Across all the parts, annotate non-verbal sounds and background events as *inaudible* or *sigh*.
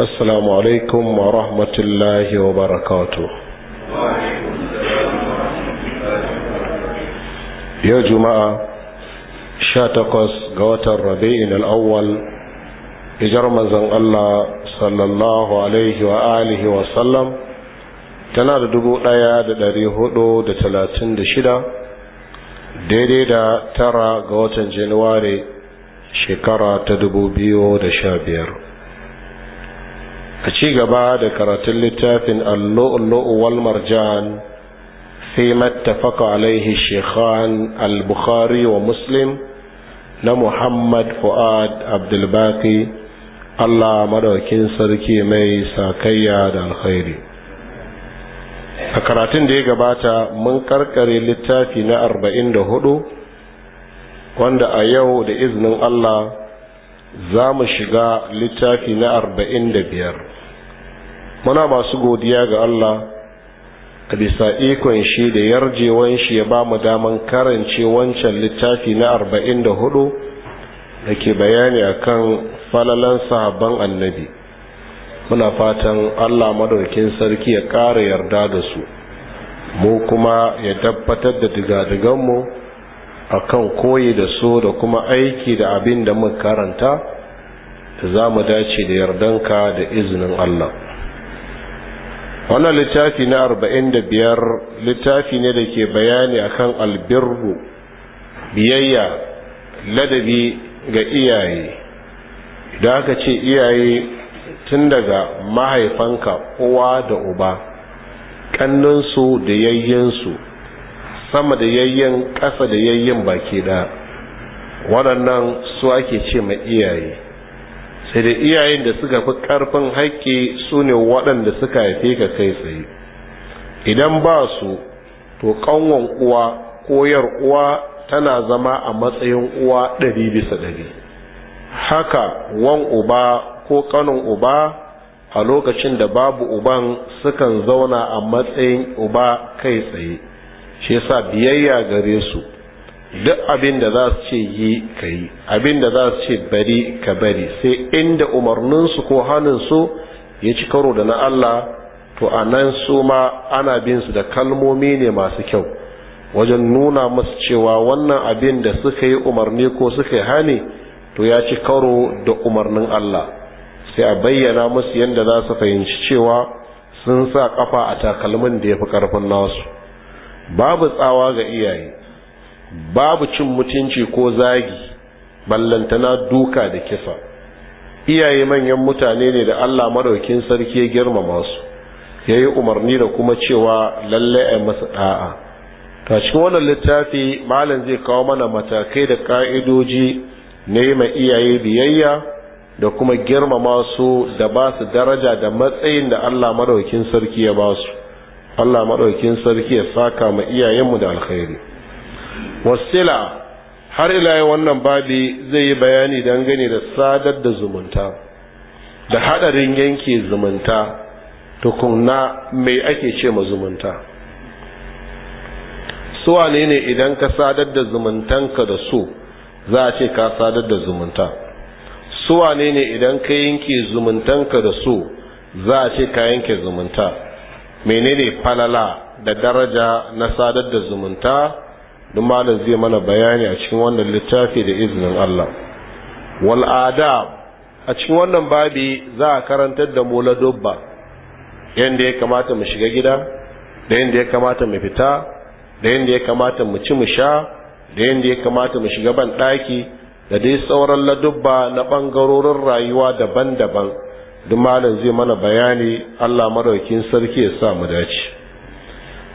السلام عليكم ورحمة الله وبركاته يا جماعة شاتقس قوات الربيع الأول إجرم زن الله صلى الله عليه وآله وسلم tana da dubu ɗaya da ɗari hudu da talatin da shida daidai da tara ga watan januwari shekara ta dubu biyu da sha biyar a ci gaba da karatun littafin allu'ullu'u wal marjan fi mattafaka alaihi shekhan al-bukhari wa muslim na muhammad fu'ad abdulbaki allah madaukin sarki mai sakayya da alkhairi a karatun da ya gabata mun karkare littafi na arba'in da hudu wanda a yau da izinin allah za mu shiga littafi na arba'in da biyar muna masu godiya ga Allah a bisa ikon shi da yarjewan shi ya ba mu daman karance wancan littafi na arba'in da hudu da ke bayani akan falalan sahabban annabi muna fatan Allah madaukin sarki ya ƙara yarda da su mu kuma ya tabbatar da digadiganmu a kan koyi da su da kuma aiki da abin da muka karanta da za mu dace da yardanka da izinin Allah wannan littafi na arba'in da biyar littafi ne da ke bayani akan albirru biyayya ladabi ga iyaye da aka ce iyaye tun daga mahaifanka uwa da uba ƙannensu da yayyensu sama da yayyen ƙasa da yayyen baki ɗaya waɗannan su ake ce mai iyaye sai da iyayen da suka fi karfin haƙƙi su ne waɗanda suka haife ka kai tsaye idan ba su to ƙanwan uwa ko 'yar uwa tana zama a matsayin uwa ɗari bisa ɗari haka wan uba ko ƙanin uba a lokacin da babu uban sukan zauna a matsayin uba kai tsaye shi yasa biyayya gare su duk abin da za su ce yi ka yi abin da za su ce bari ka bari sai inda umarninsu ko hannunsu ya ci karo da na Allah to a nan su ma ana bin su da kalmomi ne masu kyau wajen nuna musu cewa wannan abin da suka yi umarni ko suka yi hani to ya ci karo da umarnin Allah sai a bayyana musu yadda za su fahimci cewa sun sa kafa a takalmin da ya fi karfin nasu babu tsawa ga iyaye babu cin mutunci ko zagi ballantana duka da kisa iyaye manyan mutane ne da Allah madaukin sarki ya girmama su yayi umarni da kuma cewa lalle ai masa da'a ta cikin wannan littafi malam zai kawo mana matakai da ka'idoji na ma iyaye biyayya da kuma girmama su da ba su daraja da matsayin da Allah madaukin sarki ya ba su Allah madaukin sarki ya saka ma iyayenmu da alkhairi wasila har ila wannan babi zai yi bayani dangane da sadar da zumunta da hadarin yanke zumunta tukunna mai ake ce ma zumunta suwa ne ne idan ka sadar da zumuntanka da su za a ce ka sadar da zumunta suwa ne ne idan ka yanke zumuntanka da su za a ce ka yanke zumunta menene falala da daraja na sadar da zumunta duk malam zai mana bayani a cikin wannan littafi da izinin Allah wal adab a cikin wannan babi za a karantar da mu ladubba yanda ya kamata mu shiga gida da yanda ya kamata mu fita da yanda ya kamata mu ci mu sha da yanda ya kamata mu shiga ban ɗaki da dai sauran ladubba na ɓangarorin rayuwa daban-daban duk malam zai mana bayani Allah madaukin sarki ya sa mu dace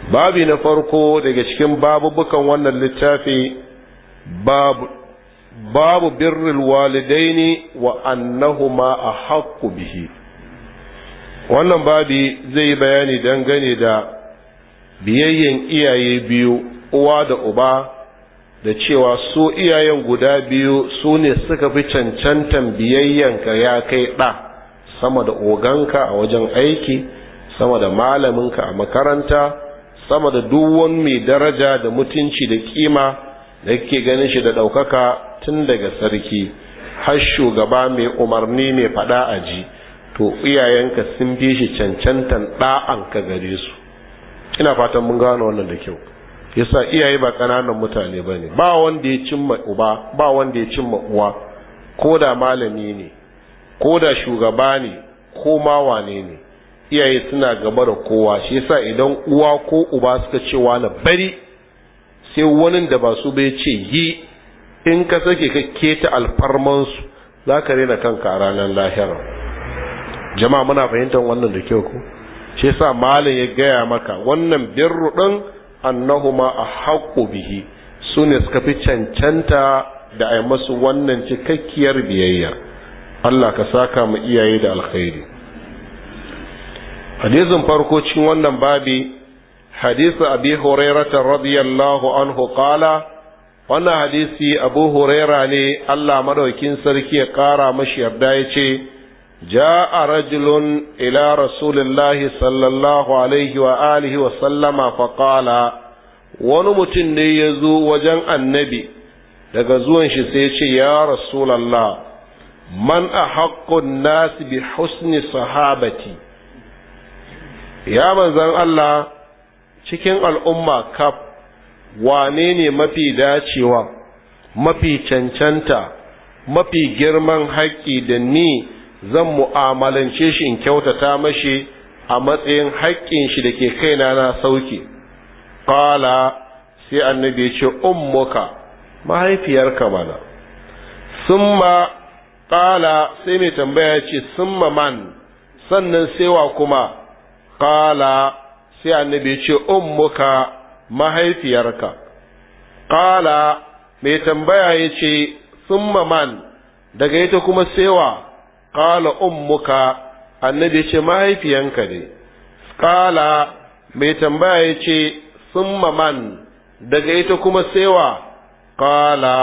babi na farko daga cikin babubukan wannan littafi babu babu birrul walidaini wa annahuma haƙƙu bihi wannan babi zai yi bayani dangane da biyayyen iyaye biyu uwa da uba da cewa su iyayen guda biyu su ne suka fi cancantan biyayyanka ya kai ɗa sama da oganka a wajen aiki sama da malaminka a makaranta sama da duk wani mai daraja da mutunci da kima da yake ganin shi da ɗaukaka tun daga sarki har shugaba mai umarni mai faɗa a ji to iyayenka sun fi shi cancantan ɗa'anka gare su ina fatan mun gano wannan da kyau yasa iyaye ba ƙananan mutane ba ne ba wanda ya cimma uba ba wanda ya cimma uwa ko da malami ne ko da shugaba ne ko ma wane ne iyaye suna gaba da kowa shi yasa idan uwa ko uba suka ce wani bari sai wani da ba su bai ce yi in ka sake ka keta alfarmansu za ka rena kanka a ranar lahira jama'a muna fahimtar wannan da kyau ko shi yasa malam ya gaya maka wannan birru din annahuma a haƙo bihi su ne suka fi cancanta da a masu wannan cikakkiyar biyayya Allah ka saka mu iyaye da alkhairi hadisin farko cikin wannan babi hadisu abi hurairata radiyallahu anhu qala wannan hadisi abu huraira ne Allah maɗaukin sarki ya kara mashi yarda ya ce ja'a rajulun ila rasulillahi sallallahu alaihi wa wa sallama fa wani mutum ne ya zo wajen annabi daga zuwan shi sai ce ya rasulallah man a haƙƙun nasibi bi husni sahabati ya manzan Allah cikin al'umma kaf wane ne mafi dacewa mafi cancanta mafi girman haƙƙi da ni zan mu'amalance shi in kyautata mashi a matsayin haƙƙin shi da ke kaina na sauki ƙala sai annabi ce ummuka mahaifiyarka mana summa ƙala sai mai tambaya ce summa man sannan sai wa kuma qala sai annabi ya ce ummuka mahaifiyarka qala mai tambaya ya ce summa man daga ita kuma sewa qala ummuka annabi ya ce mahaifiyanka ne qala mai tambaya ya ce summa man daga ita kuma sewa qala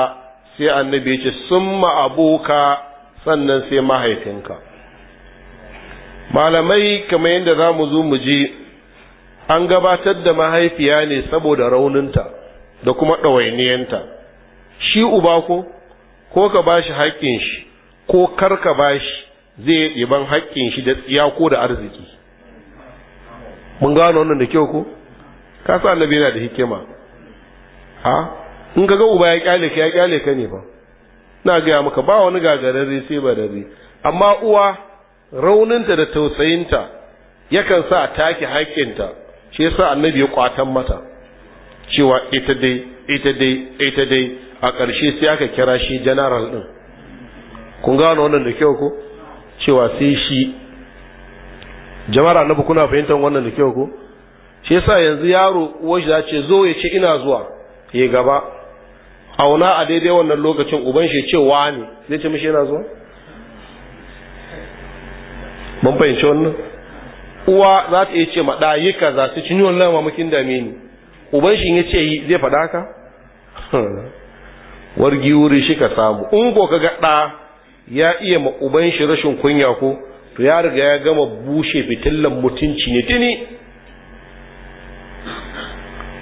sai annabi ya ce summa abuka sannan sai mahaifinka malamai kamar yadda za mu zo mu je an gabatar da mahaifiya ne saboda rauninta da kuma ɗawainiyanta shi uba ko ko ka ba shi haƙƙin shi ko kar ka ba shi zai ban haƙƙin shi da tsiya ko da arziki mun gano wannan da kyau ko ka sa annabi yana da hikima ha in ka ga uba ya kyale ka ya kyale ka ne ba na gaya maka ba wani gagararre sai ba dare amma uwa rauninta da tausayinta yakan sa a take haƙƙinta shi yasa annabi ya kwatan mata cewa ita dai ita dai ita dai a ƙarshe sai aka kira shi general din. kun gano wannan da kyau ko cewa sai shi jama'ar annabi kuna fahimtar wannan da kyau ko shi yasa yanzu yaro uwar shi ce zo ya ce ina zuwa ya gaba auna a daidai wannan lokacin uban shi ce wa ne zai ce mishi yana zuwa mun fahimci wannan uwa za ta iya ce ma ɗa yi kaza su cinye lama mukin dame ni uban shi ya ce yi zai faɗa ka *laughs* wargi wuri shi ka samu in ko ka ga ɗa ya iya ma uban shi rashin kunya ko to ya riga ya gama bushe fitillan mutunci ne tuni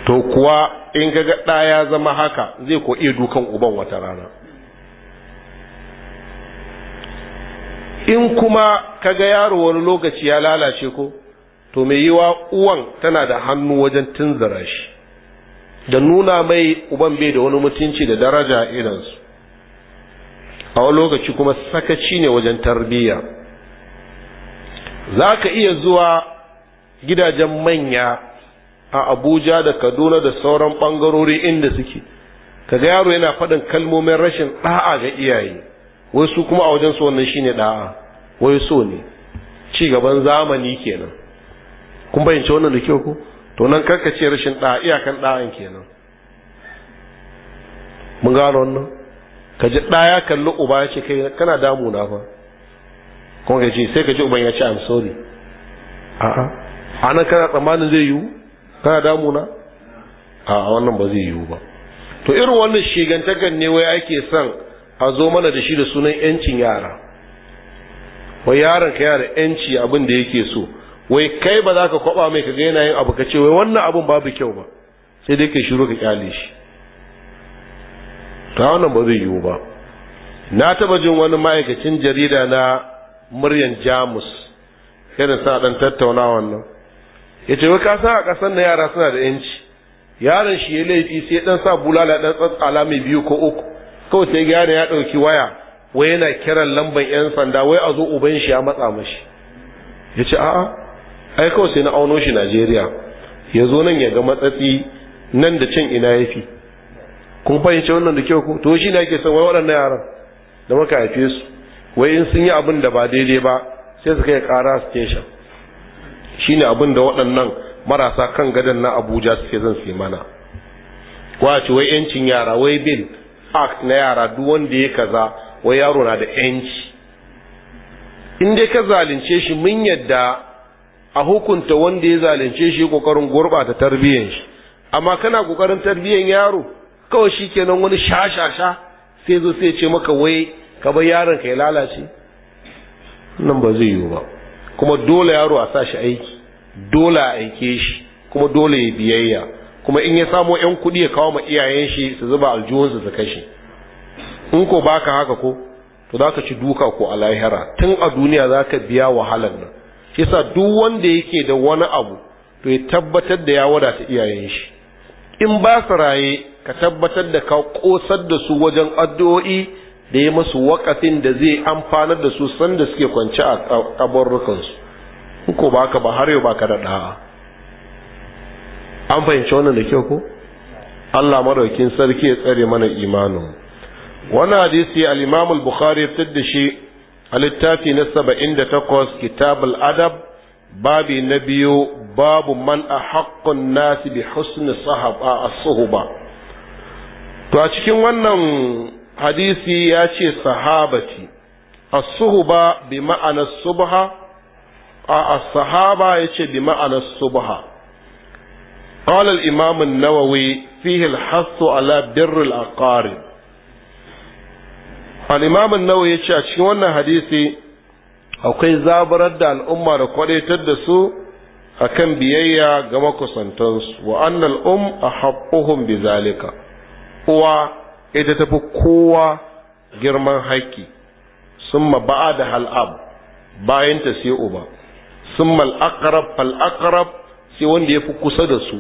to kuwa in ka ga ɗa ya zama haka zai ko iya dukan uban wata rana in kuma kaga yaro wani lokaci ya lalace ko to mai yiwa uwan tana da hannu wajen tunzura shi da nuna mai uban bai da wani mutunci da daraja irinsu a wani lokaci kuma sakaci ne wajen tarbiyya za ka iya zuwa gidajen manya a abuja da kaduna da sauran ɓangarori inda suke kaga yaro yana faɗin kalmomin rashin ɗa'a ga iyaye wai su kuma a wajen su wannan shine da'a wai so ne ci gaban zamani kenan kun bayyance wannan da kyau ko to nan karka ce rashin da'a iyakan da'an kenan mun gano wannan ka ji ya kalli uba ya ce kai kana damuna fa kuma ka ce sai ka ji uban ya ce I'm sorry a'a a nan kana tsammanin zai yiwu kana damuna a wannan ba zai yiwu ba to irin wannan shigantakan ne wai ake son a zo mana da shi da sunan yancin yara wai yaron ka yara yanci abin da yake so wai kai ba za ka kwaba mai ka ga yana yin abu ka ce wai wannan abin babu kyau ba sai dai ka shiru ka kyale shi ta wannan ba zai yiwu ba na taba jin wani ma'aikacin jarida na muryan jamus irin sa dan tattauna wannan ya ce wai ka san a ƙasar na yara suna da yanci yaron shi ya laifi sai dan sa bulala dan tsatsala mai biyu ko uku kawai sai gane ya ɗauki waya wai yana kiran lambar yan sanda wai a zo uban shi ya matsa mashi ya ce a'a ai kawai sai na auno shi najeriya ya zo nan ya ga matsatsi nan da can ina ya fi kun fahimci wannan da kyau ko to shi ne ake son wai waɗannan yaran da muka haife su wai in sun yi abin da ba daidai ba sai su kai kara station shine abin da waɗannan marasa kan gadon na abuja suke zan su mana kwaci wai yancin yara wai bin. act na yara duk wanda ya kaza wai yaro na da yanci in dai ka zalunce shi mun yadda a hukunta wanda ya zalunce shi kokarin gurbata tarbiyyar shi amma kana kokarin tarbiyyar yaro kawai shi kenan wani sha-sha-sha sai zo sai ce maka wai ka bar yaron ka ya lalace nan ba zai yiwu ba kuma dole yaro a sa shi aiki dole a aike shi kuma dole ya biyayya kuma in ya samo yan kuɗi ya kawo ma iyayen shi su zuba aljihunsu su kashe in ko baka haka ko to za ka ci duka ko a lahira tun a duniya za ka biya wahalar nan shi yasa duk wanda yake da wani abu to ya tabbatar da ya wadata iyayen shi in ba su raye ka tabbatar da ka kosar da su wajen addu'o'i da ya masu wakafin da zai amfanar da su sanda suke kwance a kabarrukansu in ko ba ba har yau baka ka da da'a an fahimci wannan da kyau ko Allah maraukin sarki ya tsare mana imanin wannan hadisi al-Imam al-Bukhari ya fitar da shi a littafi na 78 Kitab al-Adab babi na biyu babu man a haƙƙun nasi bi husni sahaba as ba. to a cikin wannan hadisi ya ce sahabati suhu ba bi ma'anar subha a sahaba sahaba ce bi ma'anar subha قال الإمام النووي فيه الحث على بر الأقارب الإمام النووي يشي wannan hadisi akwai zabarar da al'umma da kwadaitar da su akan biyayya ga makusantansu wa annal um a haƙuhun bi uwa ita tafi kowa girman haƙƙi sun ba'a da hal'ab bayanta sai uba sun mal'akarab fal'akarab sai wanda ya fi kusa da su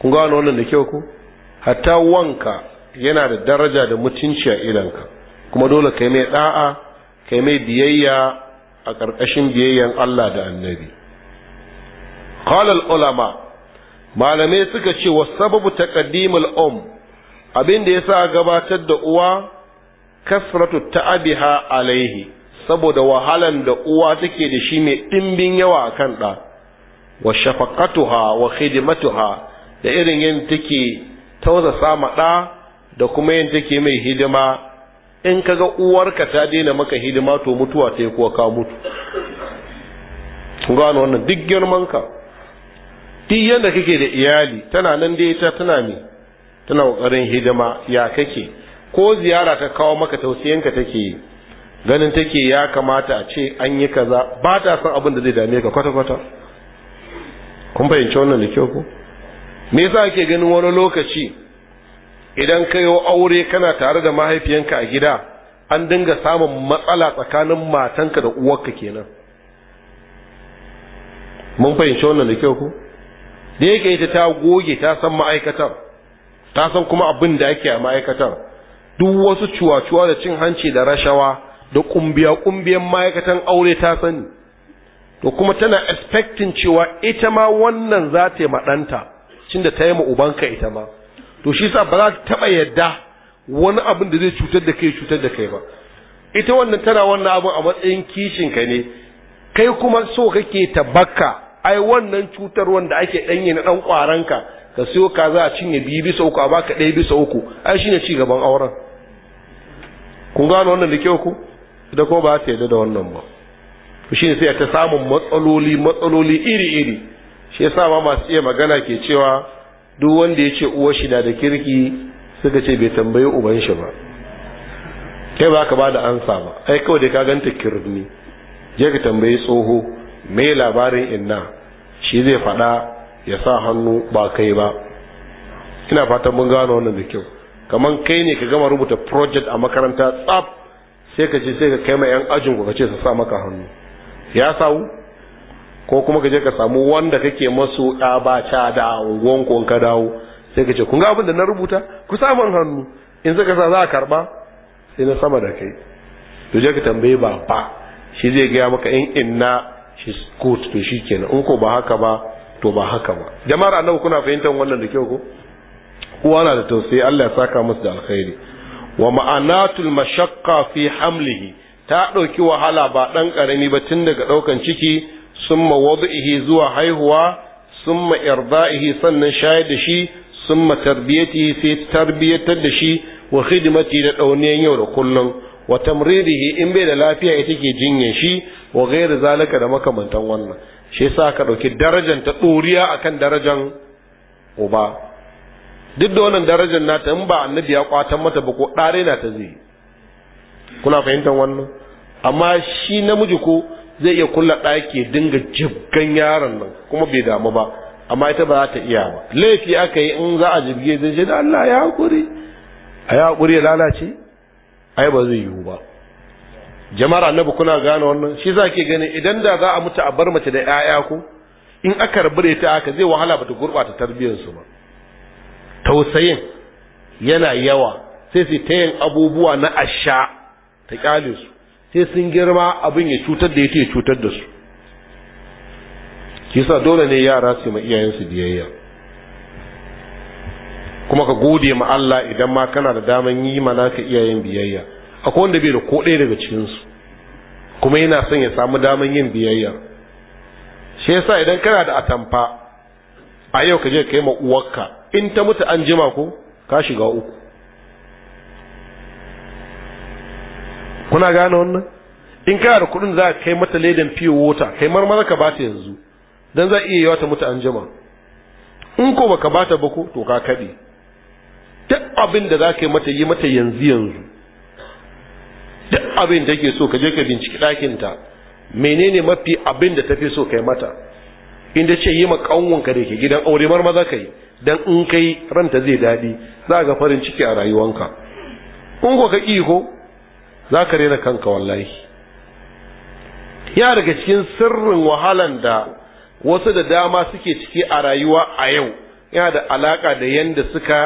kun gano wannan da kyau ko hatta wanka yana da daraja da mutunci a idanka kuma dole kai mai da'a kai mai biyayya a ƙarƙashin biyayyan Allah da annabi qala ulama malamai suka ce wa sababu taqaddimul um abin da yasa gabatar da uwa kasratu ta'abiha alaihi saboda wahalan da uwa take da shi mai dimbin yawa akan da wa shafaqatuha wa khidmatuha da irin yin take tausasa maɗa, da kuma yin take mai hidima in kaga uwarka ta daina maka hidima to mutuwa ta yi kuwa ka mutu gano wannan duk girman ka duk yadda kake da iyali tana nan da ita tana me tana kokarin hidima ya kake ko ziyara ta kawo maka ka take yi ganin take ya kamata a ce an yi kaza ba ta san abin da zai dame ka kwata-kwata kun fahimci wannan da kyau ko me yasa ake ganin wani lokaci idan ka yi aure kana tare da mahaifiyanka a gida an dinga samun matsala tsakanin matanka da uwarka kenan mun fahimci wannan da kyau ku da yake ita ta goge ta san ma'aikatar ta san kuma abin da ake a ma'aikatar duk wasu cuwa-cuwa da cin hanci da rashawa da kumbiya-kumbiyan ma'aikatan aure ta sani to kuma tana expecting cewa ita ma wannan za ta yi maɗanta cin ta yi ma ka ita ma to shi sa ba za ta taɓa yadda wani abin da zai cutar da kai cutar da kai ba ita wannan tana wannan abin a matsayin kishin ka ne kai kuma so kake ta bakka ai wannan cutar wanda ake danye na ɗan kwaran ka siyo ka za a cinye biyu bisa uku a baka ɗaya bisa uku ai shine ci gaban auren kun gano wannan da kyau ku da ko ba ta yarda da wannan ba shine sai ta samun matsaloli matsaloli iri iri shi yasa ma masu iya magana ke cewa duk wanda ya ce uwar shi da kirki suka ce bai tambayi uban shi ba kai ba ka ba da ansa ba ai kawai da ka ganta kirni je ka tambayi tsoho me labarin inna shi zai faɗa ya sa hannu ba kai ba ina fatan mun gano wannan da kyau Kamar kai ne ka gama rubuta project a makaranta tsaf sai ka ce sai ka kai ma yan ajin ku ka ce su sa maka hannu ya sawu ko kuma ka je ka samu wanda kake masu ɗabata da unguwan ko ka dawo sai ka ce kun ga abin da na rubuta ku samun hannu in suka sa za a karba sai na sama da kai to je ka tambaye ba ba shi zai gaya maka in inna shi good to shi kenan in ko ba haka ba to ba haka ba jama'ar annabi kuna fahimtar wannan da kyau ko uwa na da tausayi Allah ya saka masu da alkhairi wa ma'anatul mashaqqa fi hamlihi ta ɗauki wahala ba ɗan karami ba tun daga ɗaukan ciki summa wad'ihi zuwa haihuwa summa irda'ihi sannan shayar da shi summa tarbiyatihi sai tarbiyatar da shi wa khidmati da dauniyan yau da kullum wa tamridihi in bai da lafiya ita ke jinyar shi wa ghairu zalika da makamantan wannan shi yasa ka dauki darajar ta doriya akan darajar uba duk da wannan darajar nata in ba annabi ya kwatan mata ba ko dare na ta zai kuna fahimtar wannan amma shi namiji ko zai iya kulla ɗaki dinga jibgan yaron nan kuma bai damu ba amma ita ba za ta iya ba laifi aka yi in za a jibge zai ce da Allah ya haƙuri a ya haƙuri ya lalace ai ba zai yiwu ba jama'ar annabi kuna gane wannan shi za ke gani? idan da za a mutu a bar mace da 'ya'ya ko in aka rabure ta aka zai wahala ba ta gurɓata tarbiyyarsu ba tausayin yana yawa sai su ta yin abubuwa na asha ta kyale su sai sun girma abin ya cutar da ya cutar da su kisa dole ne yara su ma iyayensu biyayya kuma ka gode ma Allah idan ma kana da daman yi mana ka iyayen biyayya akwai wanda bai da ko ɗaya daga cikinsu kuma yana son ya samu daman yin biyayya shi yasa idan kana da atamfa a yau ka je kai ma uwarka in ta mutu an jima ko ka shiga uku Kuna gane wannan in kana da kuɗin za ka kai mata ledan fiye wota kai marmara ka bata yanzu dan za iya yi ta mutu an jama in ko baka bata ba ko to ka kaɗe duk abin da za ka yi mata yi mata yanzu yanzu duk abin da ke so ka je ka binciki ɗakinta menene mafi abin da tafi so kai mata inda ce yi ma ƙanwanka da ke gidan aure marmaza ka yi dan in kai ranta zai daɗi za ga farin ciki a rayuwanka in ko ka ko za ka rena kanka wallahi ya daga cikin sirrin wahalan da wasu da dama suke ciki a rayuwa a yau yana da alaka da yadda suka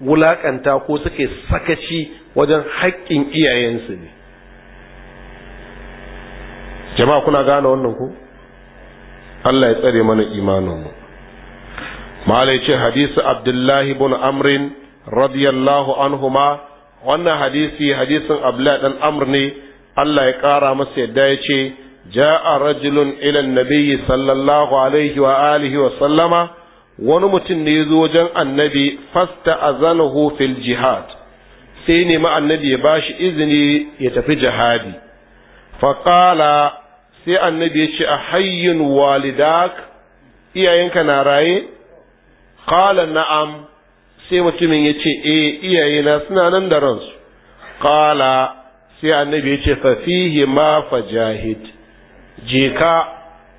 wulaƙanta ko suke sakaci wajen haƙƙin iyayensu ne jama'a kuna gane wannan ku Allah ya tsare mana imaninmu ma'alai ce hadisi abdullahi bin amrin radiyallahu anhu ma. wannan hadisi hadisin abla dan amr ne Allah ya kara masa yadda ya ce ja'a rajulun ila nabiyyi sallallahu alaihi wa alihi wa sallama wani mutum ne ya zo wajen annabi fasta azanahu fil jihad sai nemi annabi ya bashi izini ya tafi jihadi faƙala sai annabi ya ce a hayyun walidak iyayenka na raye ƙala na'am sai mutumin ya ce eh, iyaye na suna nan da ransu Ƙala sai annabi ya ce fafihi ma ma fajahid je ka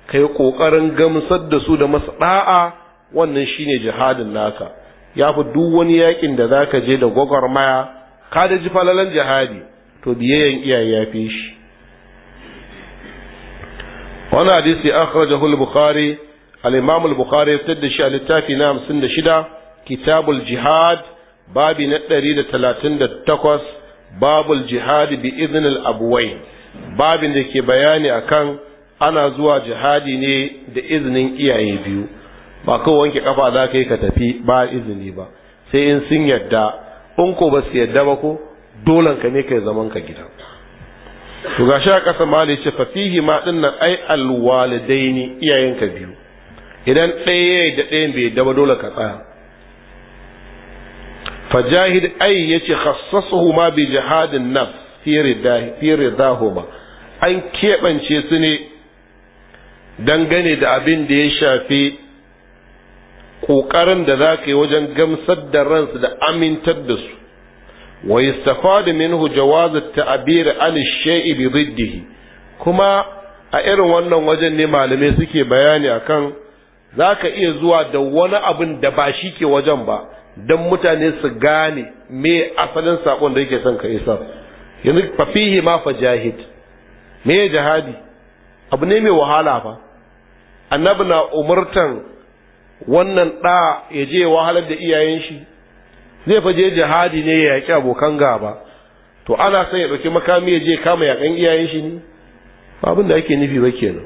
kai ƙoƙarin gamsar da su da masu wannan shine jihadin naka ya fi duk wani yakin da zaka je da gwagwarmaya ka da ji falalan jihadi to biyayyan iyaye ya fi shi wani hadisi akhrajahu al-bukhari al-imam al-bukhari ya fitar da shi a littafi na 56 kitabul jihad babi na ɗari da talatin da takwas babul jihadi bi izinin abuwai babin da ke bayani akan ana zuwa jihadi ne da izinin iyaye biyu ba kawai wanke kafa za ka yi ka tafi ba izini ba sai in sun yadda in ko ba su yadda ba ko dolan ne kai zaman ka gida to gashi a ƙasa mali ce fafihi ma din nan ai alwalidaini iyayenka biyu idan ɗaya da ɗayan bai yadda dole ka tsaya fajahid ai yace khassasuhu ma bi jihadin nafs fi ridahuma an keɓance su ne dangane da abin da ya shafi ƙoƙarin da za ka yi wajen gamsar da ransu da amintar da su wa istafada minhu jawaz tabir an shayi bi diddihi kuma a irin wannan wajen ne malamai suke bayani akan zaka iya zuwa da wani abin da ba shi ke wajen ba don mutane su gane me asalin sakon da yake son ka isa. yanzu fafihi ma fa jahid me jihadi abu ne mai wahala fa annabi na umurtan wannan ɗa ya je wahalar da iyayen shi zai fa je jihadi ne ya yaki abokan gaba to ana son ya ɗauki makami ya je kama yakan iyayen shi ne abin da ake nufi ba kenan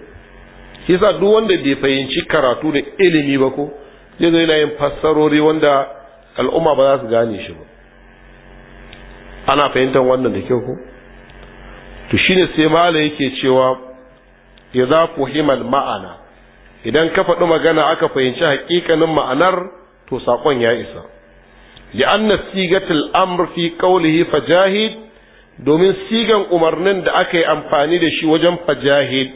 shi yasa duk wanda bai fahimci karatu da ilimi ba ko zai zo yana yin fassarori wanda al'umma ba za su gane shi ba ana fahimtar wannan da kyau ko to shine sai mala yake cewa ya za ku himal ma'ana idan ka faɗi magana aka fahimci haƙiƙanin ma'anar to saƙon ya isa anna sigatul amr fi qawlihi fajahid domin sigan umarnin da aka yi amfani da shi wajen fajahid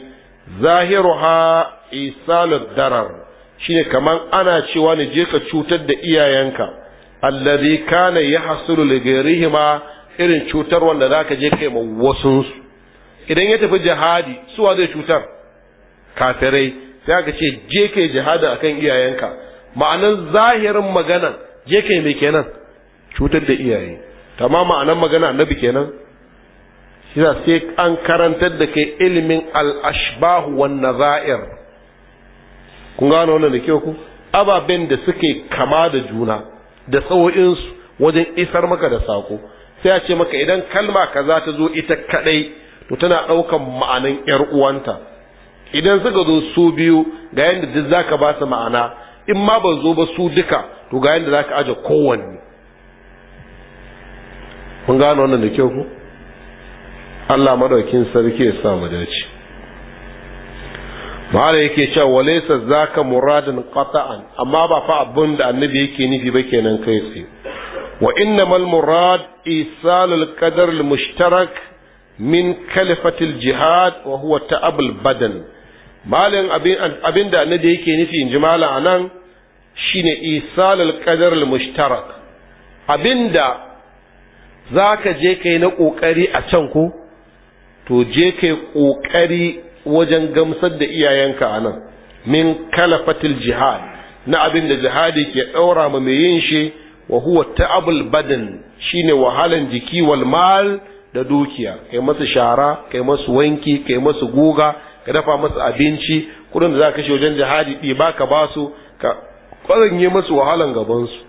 zahiruha isalud darar shine kaman ana cewa ne je ka cutar da iyayenka alladhi kana yahsulu li ghairihima irin cutar wanda zaka je kai ma wasun su idan ya tafi jihadi suwa zai cutar kafirai sai aka ce je kai jihadi akan iyayenka ma'anan zahirin magana je kai me kenan cutar da iyaye tamam ma'anan magana annabi kenan shida sai an karantar da kai ilimin al ashbah wan nazair kun gano wannan da kyau ku ababen da suke kama da juna da sawo'insu wajen isar maka da sako sai a ce maka idan kalma kaza ta zo ita kadai to tana daukan ma'anan yar uwanta idan suka zo su biyu ga yanda duk zaka ba su ma'ana in ma ba zo ba su duka to ga yanda zaka aje kowanne Mun gano wannan da kyau ko. Allah madaukin sarki ya sa mu dace mala yake cewa walaysa zaka muradin qata'an amma ba fa abin da annabi yake nufi ba kenan kai tsaye wa innamal murad isalul qadar al mushtarak min kalifatil jihad wa huwa ta'abul badan malin abin abin da annabi yake nufi in ji mala anan shine isalul qadar al mushtarak abinda zaka je kai na kokari a can ko to je kai kokari wajen gamsar da iyayenka a nan min kalafatil jihad na abin da jihadi ke ɗaura ma mai yin shi wa huwa ta'abul badan shine wahalan jiki wal mal da dukiya kai masu shara kai masu wanki kai masu guga ka dafa masu abinci kudin da za ka wajen jihadi ɗi ba ka basu ka yi masu wahalan gabansu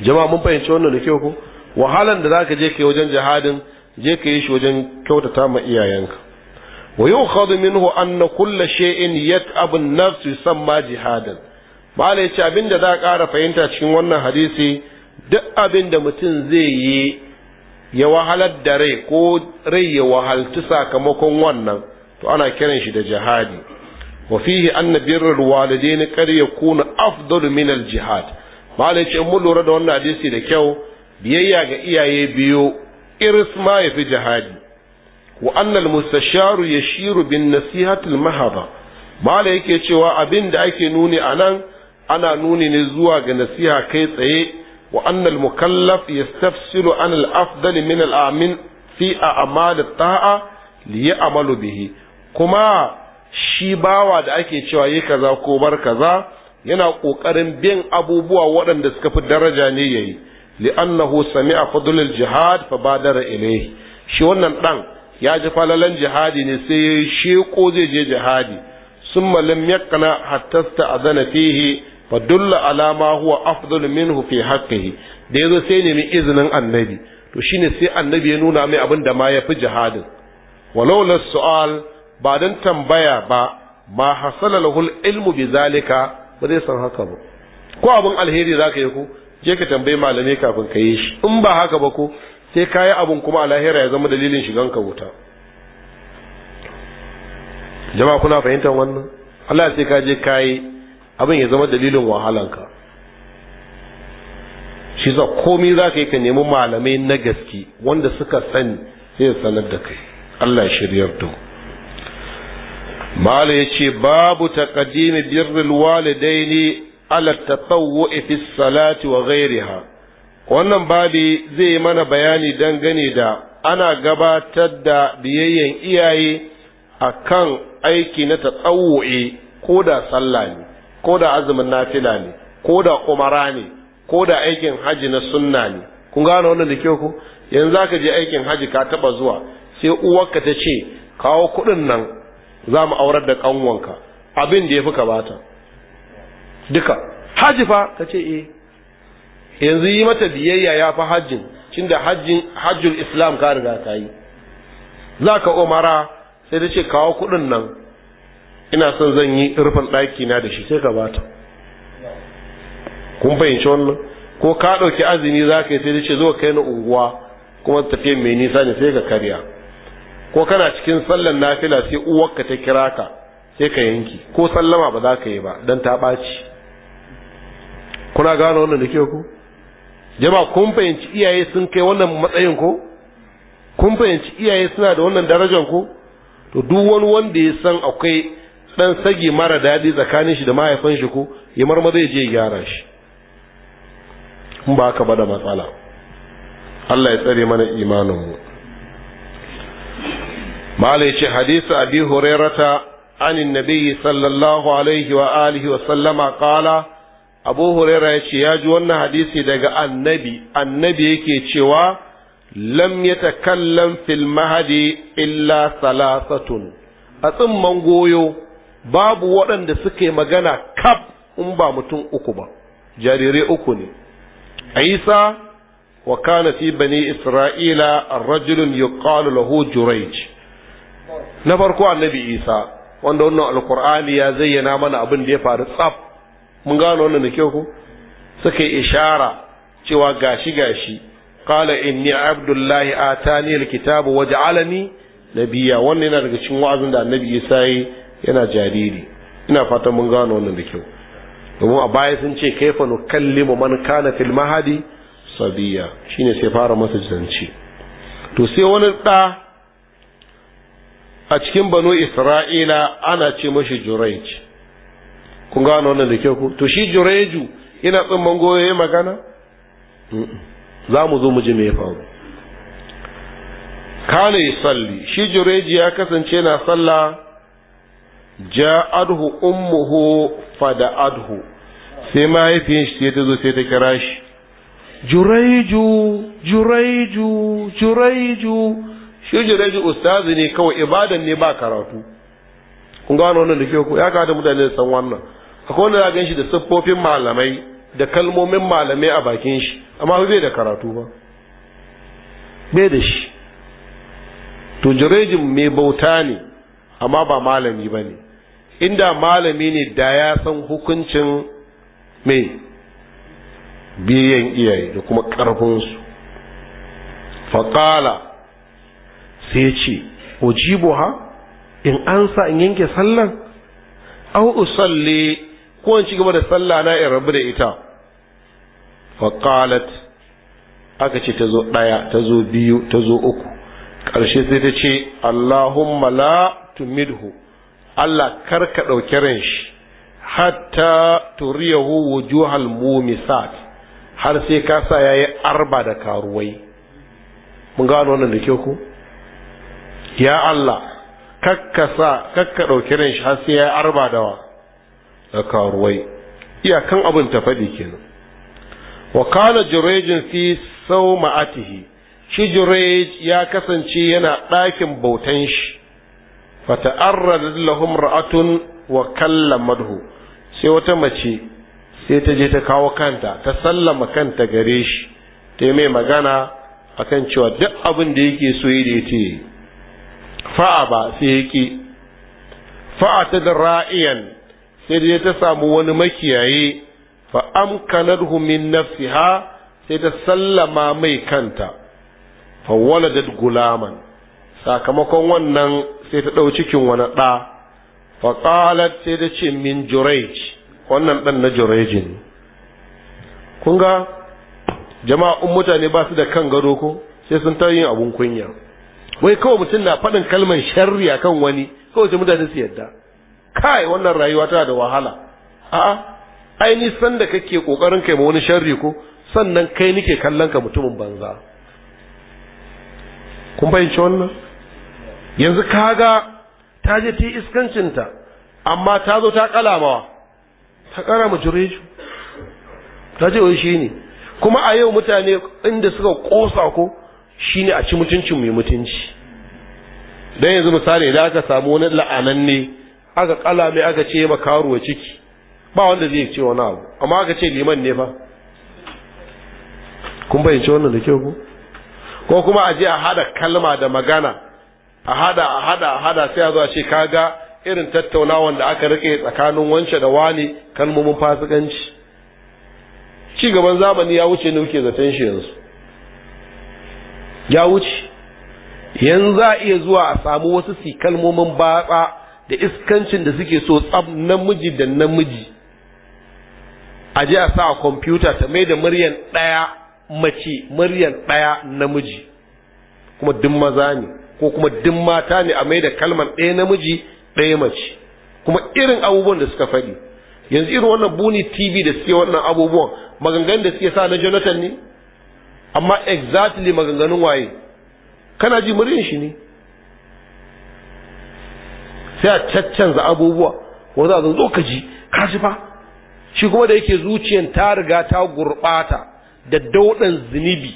jama'a mun fahimci wannan da kyau ko wahalan da za ka je kai wajen jihadin je ka yi shi wajen kyautata ma iyayenka ويؤخذ منه minhu anna kulla يتعب النفس يسمى جهادا yusamma jihadan mala yace abinda za a ƙara fahimta cikin wannan hadisi duk abinda mutum zai yi ya wahalar da rai ko rai ya wahaltu sakamakon wannan to ana kiran shi da jihadi wa fihi anna birrul walidain qad yakunu afdalu min al-jihad mala mun lura da wannan hadisi da kyau biyayya ga iyaye biyo iris ma yafi jihadi wa annal mustasharu yashiru bin nasihatil mahaba mala yake cewa abin da ake nuni a nan ana nuni ne zuwa ga nasiha kai tsaye wa annal mukallaf yastafsilu an al afdal min al amin fi a'mal at ta'a li ya'malu bihi kuma shi bawa da ake cewa yi kaza ko bar kaza yana kokarin bin abubuwa waɗanda suka fi daraja ne yayi li'annahu sami'a fadlul jihad fa badara ilayhi shi wannan dan ya ji falalan jihadi ne sai ya sheko zai je jihadi sun malam yakana hattasta a zana fihi fa dulla alama huwa afdalu minhu fi haqqihi da zo sai nemi izinin annabi to shine sai annabi ya nuna mai abin da ma ya fi jihadin walau la su'al ba dan tambaya ba ma hasala hul ilmu bi zalika ba zai san haka ba ko abin alheri zaka yi ku? je ka tambayi malamai kafin ka yi shi in ba haka ba ko sai kayi abin kuma a ya zama dalilin shigan ka wuta jama'a kuna fahimtar wannan Allah sai ka je kayi abin ya zama dalilin wahalanka shi za komai za ka yi ka nemi malamai na gaske wanda suka sani sai sanar da kai Allah shiryar da Mala ya ce babu taqdimi birrul walidaini ala tatawwu'i fi salati wa gairiha wannan babi zai yi mana bayani dangane da ana gabatar da biyayyen iyaye a kan aiki na tatsawo'e ko da sallah ne ko da azumin nafila ne ko da umara ne ko da aikin haji na sunna ne kun gane wannan da kyau ko yanzu aka je aikin haji ka taba zuwa sai uwarka ta ce kawo kuɗin nan za mu aurar da kanwanka abin da ya fi ka bata duka haji fa ka ce eh yanzu yi mata biyayya ya fi hajjin cin da hajjul islam ka riga ka yi za ka umara sai ta ce kawo kuɗin nan ina son zan yi rufin ɗaki na da shi sai ka bata kun fahimci wannan ko ka ɗauki azumi za ka yi sai ta ce zo kai na unguwa kuma tafiya mai nisa ne sai ka karya ko kana cikin sallan nafila sai uwarka ta kira ka sai ka yanki ko sallama ba za ka yi ba dan ta ɓaci kuna gano wannan da ke ku jama kun fahimci iyaye sun kai wannan matsayin ko kun fahimci iyaye suna da wannan darajar ko to duk wani wanda ya san akwai dan sagi mara daɗi tsakanin shi da mahaifin shi ko ya marma ya je gyara shi in ba ka bada matsala Allah ya tsare mana imanin mu malai ce hadisi abi hurairata anin nabiyyi sallallahu alaihi wa alihi wa sallama qala abu huraira ya ce ya ji wannan hadisi daga annabi annabi yake cewa lam yatakallam fil mahadi illa salasatun a tsimman goyo babu waɗanda suke magana kaf in ba mutum uku ba jarire uku ne isa wa kana fi bani isra'ila rajulun yuqalu lahu jurayj na farko annabi isa wanda wannan alqur'ani ya zayyana mana abin da ya faru tsaf mun gano wannan da kyau ko suka yi ishara cewa gashi gashi qala inni abdullahi atani alkitabu waj'alani nabiyya wannan yana daga cikin wa'azin da annabi Isa yi yana jariri ina fata mun gano wannan da kyau domin a baya sun ce kaifa nukallimu man kana fil mahadi sabiya shine sai fara masa zance to sai wani da a cikin banu isra'ila ana ce mashi juraij kun wani wannan da kyau ku to shi jureju ina tsimman goyo ya magana za mu zo mu ji me ya faru kana yusalli shi jureji ya kasance na sallah ja'adhu ummuhu fada'adhu sai mahaifiyin shi ta zo sai ta kira shi jureju jureju jureju shi jureju ustazi ne kawai ibadan ne ba karatu kun gano wannan da ke ko ya kamata mutane da san wannan akwai wanda za gan shi da siffofin malamai da kalmomin malamai a bakin shi amma bai da karatu ba bai da shi to jirejin mai bauta ne amma ba malami ba ne inda malami ne da ya san hukuncin mai biyan iyaye da kuma ƙarfinsu faƙala sai ce ojibo ha in an sa in yanke sallan au usalli ko in ci gaba da sallah na in rabu da ita faqalat aka ce ta zo ɗaya ta zo biyu ta zo uku ƙarshe sai ta ce allahumma la tumidhu allah kar ka ɗauki ran shi hatta turiyahu wujuhal mumisat har sai ka sa yayi arba da karuwai mun gano wannan da kyau ku ya allah kakka sa kakka ɗauki ran shi har sai yayi arba da wa da karuwai iyakan abin ta faɗi kenan wa kana jurejin fi sau ma'atihi shi jurej ya kasance yana ɗakin bautan shi fata'arrad lahum ra'atun wa kallamadhu sai wata mace sai ta je ta kawo kanta ta sallama kanta gare shi ta mai magana akan cewa duk abin da yake so yi da yake fa'a ba sai yake fa'a ta da ra'iyan sai dai ta samu wani makiyayi fa amkanarhu min nafsiha sai ta sallama mai kanta fa waladat gulaman sakamakon wannan sai ta ɗau cikin wani ɗa fa qalat sai ta ce min wannan ɗan na jurayj ne kun ga jama'un mutane ba su da kan gado ko sai sun ta yin abun kunya wai kawai mutum na faɗin kalmar sharri akan wani kawai mutane su yarda. kai wannan rayuwa ta da wahala a'a ai ni san da kake kokarin kai ma wani sharri ko sannan kai nike kallon ka mutumin banza kun fahimci wannan yanzu kaga ta je ta iskancinta amma ta zo ta kalamawa ta kara mu jureju ta je wai shine kuma a yau mutane inda suka kosa ko shine a ci mutuncin mai mutunci dan yanzu misali idan aka samu wani la'ananne aka kala mai aka ce ma karuwa ciki ba wanda zai ce wani abu amma aka ce liman ne fa kun bayyance wannan da kyau ku? ko kuma a je a hada kalma da magana a hada a hada a hada sai a zo a ce kaga irin tattaunawan da aka rike tsakanin wance da wani kalmomin fasikanci ci gaban zamani ya wuce ne kuke zaton shi yanzu ya wuce yanzu za a iya zuwa a samu wasu si kalmomin batsa da iskancin da suke so tsab namiji da namiji a je a sa a kwamfuta ta mai da muryan ɗaya mace muryan ɗaya namiji kuma duk maza ne ko kuma duk mata ne a mai da kalmar ɗaya namiji ɗaya mace kuma irin abubuwan da suka faɗi yanzu irin wannan buni tv da suke wannan abubuwan maganganun da suke sa na jonathan ne amma exactly maganganun waye kana ji muryan shi ne sai a caccanza abubuwa wanda zan zo ka ji ka ji fa shi kuma da yake zuciyan ta riga ta gurbata da daudan zunubi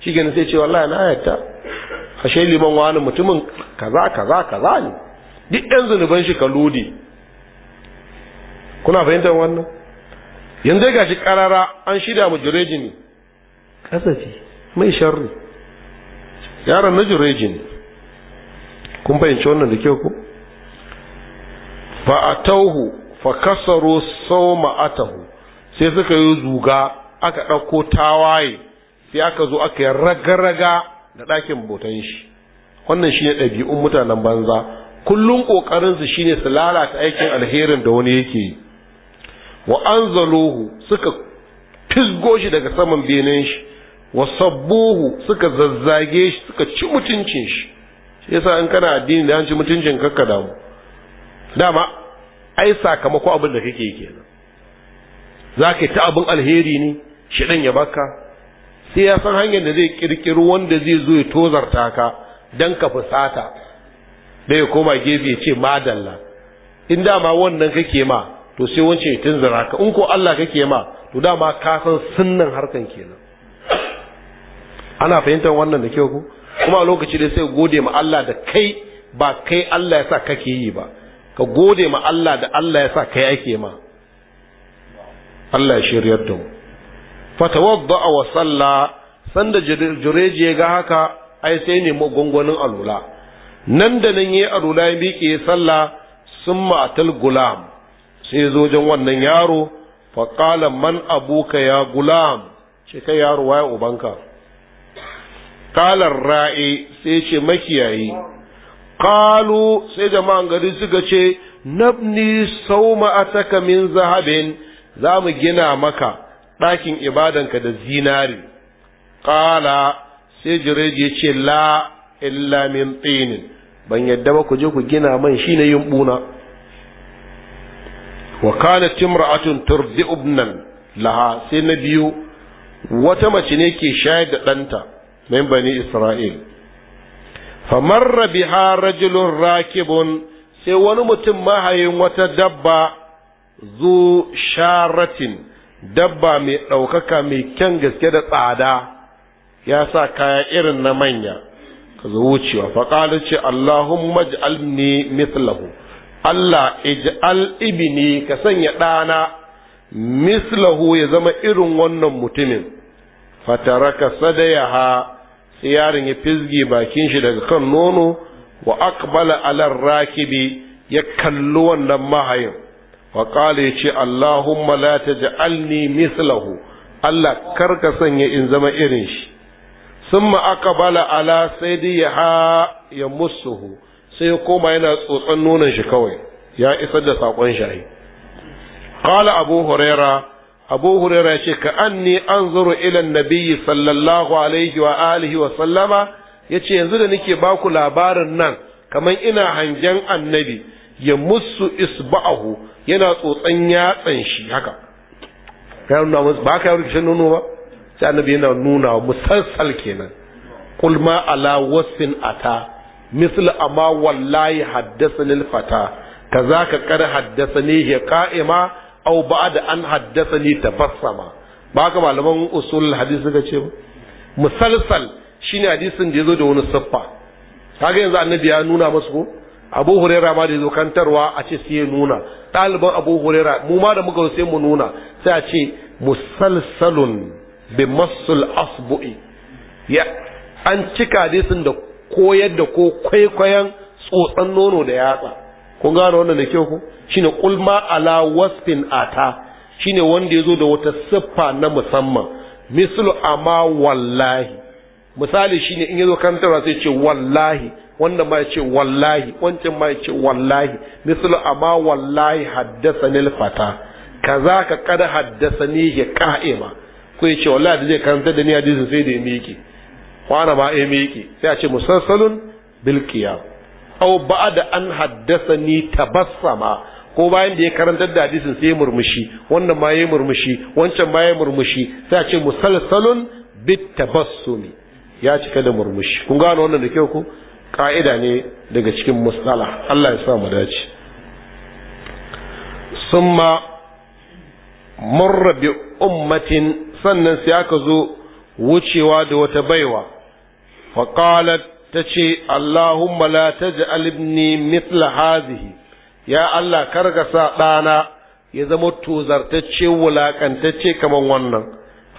shi gani sai ce wallahi na yarda ashe liman wani mutumin kaza kaza kaza ne duk ɗan zunuban shi ka lode kuna fahimtar wannan yanzu ga shi karara an shida mu jureji ne kasafi mai sharri yaron na jureji ne kun fahimci wannan da kyau ko fa atauhu fa kasaru sawma atahu sai suka yi zuga aka ɗauko tawaye sai aka zo aka yi ragaraga da ɗakin botan shi wannan shine ɗabi'un mutanen banza kullum ƙoƙarinsu shi ne su lalata aikin alherin da wani yake yi wa anzaluhu suka fisgo shi daga saman benen shi wa sabbuhu suka zazzage shi suka ci mutuncin shi yasa in kana addini da an ci mutuncin kakka damu dama ai sakamako abin da kake kenan za ka ta abin alheri ne dan ya baka sai ya san hanyar da zai kirkiro wanda zai zo ya tozarta ka don ka fusata da ya koma gefe ya ce madalla in dama wannan kake ma to sai wance ya tunzura ka in ko Allah kake ma to dama ka san sunnan harkan kenan ana fahimtar wannan da kyau ko kuma a lokaci da sai gode ma Allah da kai ba kai Allah ya sa kake yi ba ka gode ma Allah da Allah ya sa kai ake ma Allah ya shiryar da mu fatawadda wa salla sanda jureji ya ga haka ai sai ne magungunan alula nan da nan yayi alula ya miƙe salla summa atal gulam sai zo wajen wannan yaro fa qala man abuka ya gulam ce kai yaro waye ubanka qala ra'i sai ce makiyayi Kalu sai jama'an gari suka ce nabni sauma ataka min zahabin za mu gina maka ɗakin ibadanka da zinari Kala sai jireji ya ce la illa min tsinin ban yadda ba ku je ku gina man shi shine yumbuna wa a imra'atun turdi ibnan laha sai na biyu wata mace ne ke shayar da ɗanta min bani isra'il famarra biha rajulun rakibun sai wani mutum mahayin wata dabba zu sharatin dabba mai ɗaukaka mai kyan gaske da tsada ya sa kaya irin na manya ka zo wucewa faƙalar ce Allahumma ij'al ni mislahu Allah ij'al ibni ka sanya ɗana mislahu ya zama irin wannan mutumin fataraka sadayaha sai yaron ya fizge bakin shi daga kan nono wa aqbala ala rakibi ya kalli wannan mahayin wa qala ce allahumma la taj'alni mislahu Allah Kar ka sanya in zama irin shi summa aqbala ala dai ya musuhu sai ya koma yana tsotson nonon shi kawai ya isar da sakon shi qala abu huraira abu huraira ce ka an anzuru ila nabiyyi sallallahu alaihi wa alihi wa sallama yace yanzu da nake baku labarin nan kamar ina hangen annabi ya musu isba'ahu yana tsotsan yatsan shi haka ya nuna musu ba ka yawon kishin nuno ba sai annabi yana nuna musalsal kenan qul ma ala wasin ata misla amma wallahi haddasa al-fata kaza ka kar haddathani ya qa'ima aw da an haddathani tabassama ba haka malaman usul hadis suka ce ba musalsal shine hadisin da yazo da wani siffa kaga yanzu annabi ya nuna masu ko abu huraira ma da yazo kantarwa a ce sai ya nuna ɗaliban abu hurera mu ma da muka sai mu nuna sai a ce musalsalun bi masul asbu'i ya an cika hadisin da koyar da ko kwaikwayon tsotsan nono da yatsa kun gano wannan da kyau ko shine kulma ala wasfin ata shine wanda yazo da wata siffa na musamman mislu ama wallahi misali shine in yazo karantarwa sai ce wallahi wanda ma ce wallahi wancan ma ce wallahi mislu ama wallahi haddathani al-fata kaza ka kad haddathani ya qa'ima ko yace wallahi da zai karanta da ni hadisi sai da ya miƙe kwana ba ya miƙe sai a ce musassalun bil qiyam aw ba'da an haddathani tabassama ko bayan da ya karantar da hadisin sai ya murmushi wannan ma ya murmushi wancan ma ya murmushi sai a ce musalsalun tabassumi ya cika da murmushi kun gano wannan da kyau ko ka'ida ne daga cikin musala Allah ya sa mu dace summa marra bi ummatin sannan sai aka zo wucewa da wata baiwa qalat tace allahumma la taj'al ibni mithla hadhihi ya Allah karga sa ɗana ya zama tozartacce wulakantacce kamar wannan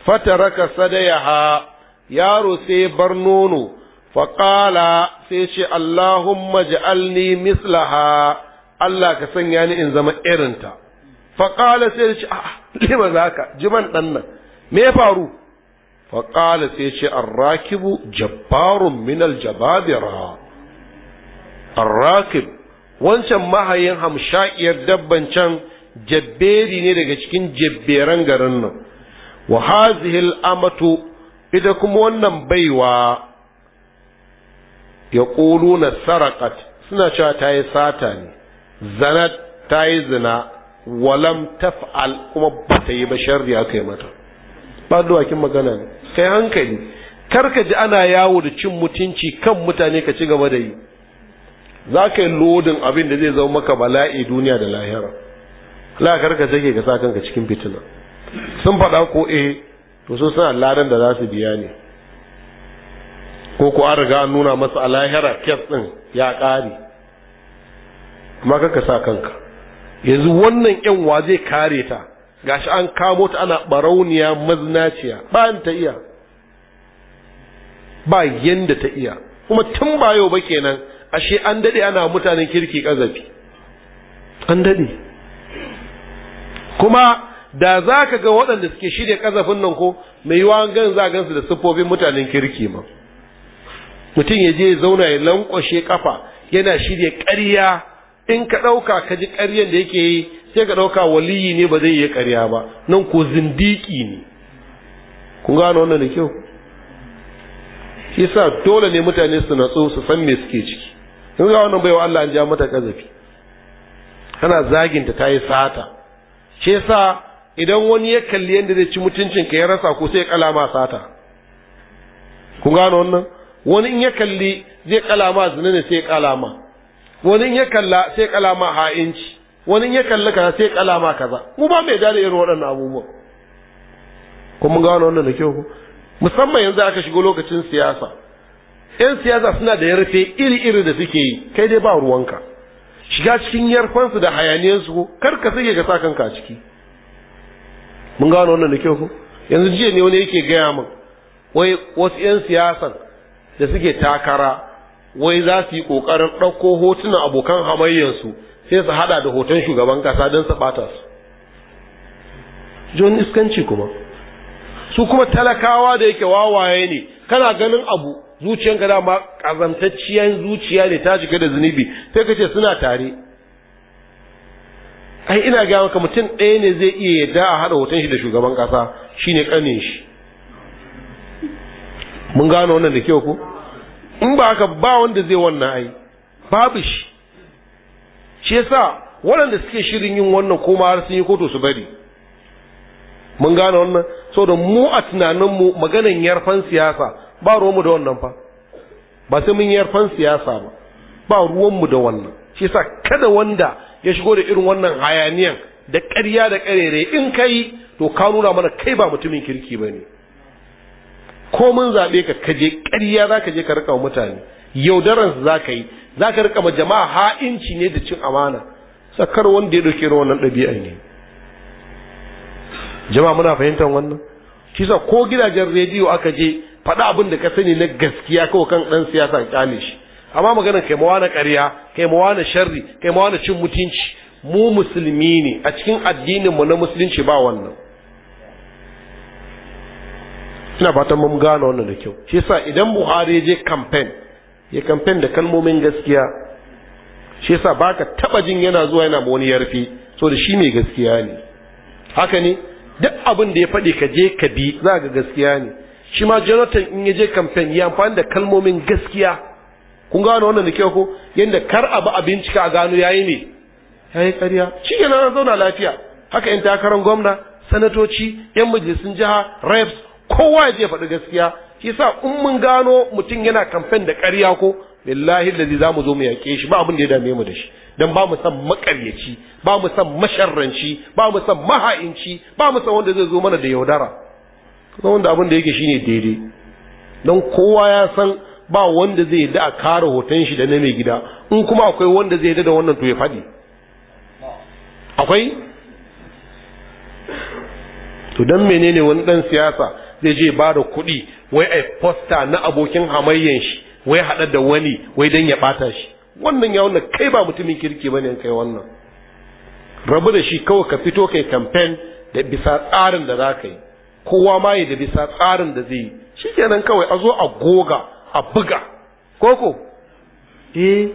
fataraka sadayaha yaro sai bar nono faƙala sai ce Allahumma ja'alni mislaha Allah ka sanya ni in zama irinta faƙala sai ce a lima za ka jiman ɗan nan me ya faru faƙala sai ce arrakibu jabbarun minal jababira arrakib wancan mahayin hamshaƙiyar dabban can jabberi ne daga cikin jabberan garin nan wa hazihi amatu ita kuma wannan baiwa ya na sarakat suna cewa ta yi sata ne zanat ta yi zina walam taf'al kuma ba ta yi ba aka yi mata ba duwakin magana ne kai hankali kar ka ji ana yawo da cin mutunci kan mutane ka ci gaba da yi za ka yi lodin abin da zai zama maka bala'i duniya da lahira la karka sake ka sa kanka cikin fitina sun faɗa ko eh to sun suna ladan da za su biya ne ko ko an riga nuna masa a lahira kes ɗin ya kare. amma kanka sa kanka yanzu wannan yan wa zai kare ta gashi an kamo ta ana barauniya maznaciya ba ta iya ba yanda ta iya kuma tun ba yau ba kenan ashe an daɗe, ana mutanen kirki kazafi an dade kuma da za ka ga waɗanda suke shirya kazafin nan ko mai yiwa gan za gansu da siffofin mutanen kirki ma mutum ya je zauna ya lankwashe kafa yana shirya karya. in ka ɗauka ka ji ƙaryan da yake yi sai ka ɗauka waliyi ne ba zai yi ƙarya ba nan ko zindiki ne kun gano wannan da kyau yasa dole ne mutane su natsu su san me suke ciki sun ga wannan baiwa Allah an ja mata kazafi kana zaginta ta yi sata ke sa idan wani ya kalli yadda zai ci mutuncin ka ya rasa ko sai ya kala ma sata kun gano wannan wani in ya kalli zai kalama ma zina ne sai ya kala ma wani in ya kalla sai ya kala ma ha'inci wani in ya kalli kaza sai ya kala ma kaza mu ba mai dalilin irin waɗannan abubuwan kun mun gano wannan da kyau musamman yanzu aka shigo lokacin siyasa yan siyasa suna da yarfe iri-iri da suke yi kai dai ba ruwanka shiga cikin yarfansu da hayaniyarsu kar ka sake ka sa kanka a ciki mun gano wannan da kyau ko yanzu jiya ne wani yake gaya min wai wasu yan siyasan da suke takara wai za su yi kokarin ɗauko hotunan abokan hamayyarsu sai su hada da hoton shugaban kasa don su bata su jon iskanci kuma su kuma talakawa da yake wawaye ne kana ganin abu zuciyanka dama kazantacciyar zuciya ne ta shiga da zunubi sai ka ce suna tare ai ina ga maka mutum ɗaya ne zai iya yadda a haɗa hoton shi da shugaban ƙasa shine ƙanin shi mun gano wannan da kyau ko in ba haka ba wanda zai wannan ai babu shi shi yasa waɗanda suke shirin yin wannan ma har sun yi koto su bari mun gano wannan saboda mu a tunaninmu maganan yarfan siyasa ba ruwanmu da wannan fa ba sai mun yarfan siyasa ba ba ruwanmu da wannan shi sa kada wanda ya shigo da irin wannan hayaniyan da ƙarya da ƙarere in kai to ka nuna mana kai ba mutumin kirki ba ne ko mun zaɓe ka kaje ƙarya za ka je ka rika mutane yaudaran za ka yi za ka riƙa ma jama'a ha'inci ne da cin amana sakar wanda ya ɗauke da wannan ɗabi'a ne jama'a muna fahimtar wannan kisa ko gidajen rediyo aka je Faɗa abin da ka sani na gaskiya kawai kan ɗan siyasa kyale shi amma maganar kai mawa na ƙarya kai mawa na sharri kai mawa na cin mutunci mu musulmi ne a cikin addinin mu na musulunci ba wannan ina fatan mun gane wannan da kyau shi yasa idan Buhari ya je campaign ya campaign da kalmomin gaskiya shi yasa baka taba jin yana zuwa yana ma wani yarfi so da shi mai gaskiya ne haka ne duk abin da ya faɗi ka je ka bi za ga gaskiya ne shi ma jonathan in ya je kamfen ya amfani da kalmomin gaskiya kun gano wannan da kyau ko yadda kar abu a bincika a gano yayi ne yayi ƙarya shi ke nan zauna lafiya haka in takarar gwamna sanatoci yan majalisun jiha reps kowa ya je faɗi gaskiya shi sa in mun gano mutum yana kamfen da ƙarya ko Lillahi lazi za mu zo mu yaƙe shi ba abin da ya dame mu da shi dan ba mu san maƙaryaci ba mu san masharranci ba mu san maha'inci ba mu san wanda zai zo mana da yaudara zan wanda abin da yake shine daidai don kowa ya san ba wanda zai da'a a kare hoton shi da na mai gida in kuma akwai wanda zai yi da wannan to ya faɗi akwai to don menene wani dan siyasa zai je ba da kuɗi wai a posta na abokin hamayyan shi wai haɗa da wani wai dan ya ɓata shi wannan ya wannan kai ba mutumin kirki ba ne kai wannan rabu da shi kawai ka fito kai kamfen da bisa tsarin da za ka yi kowa ma ya da bisa tsarin da zai yi shikenan kawai a zo a goga a buga koko eh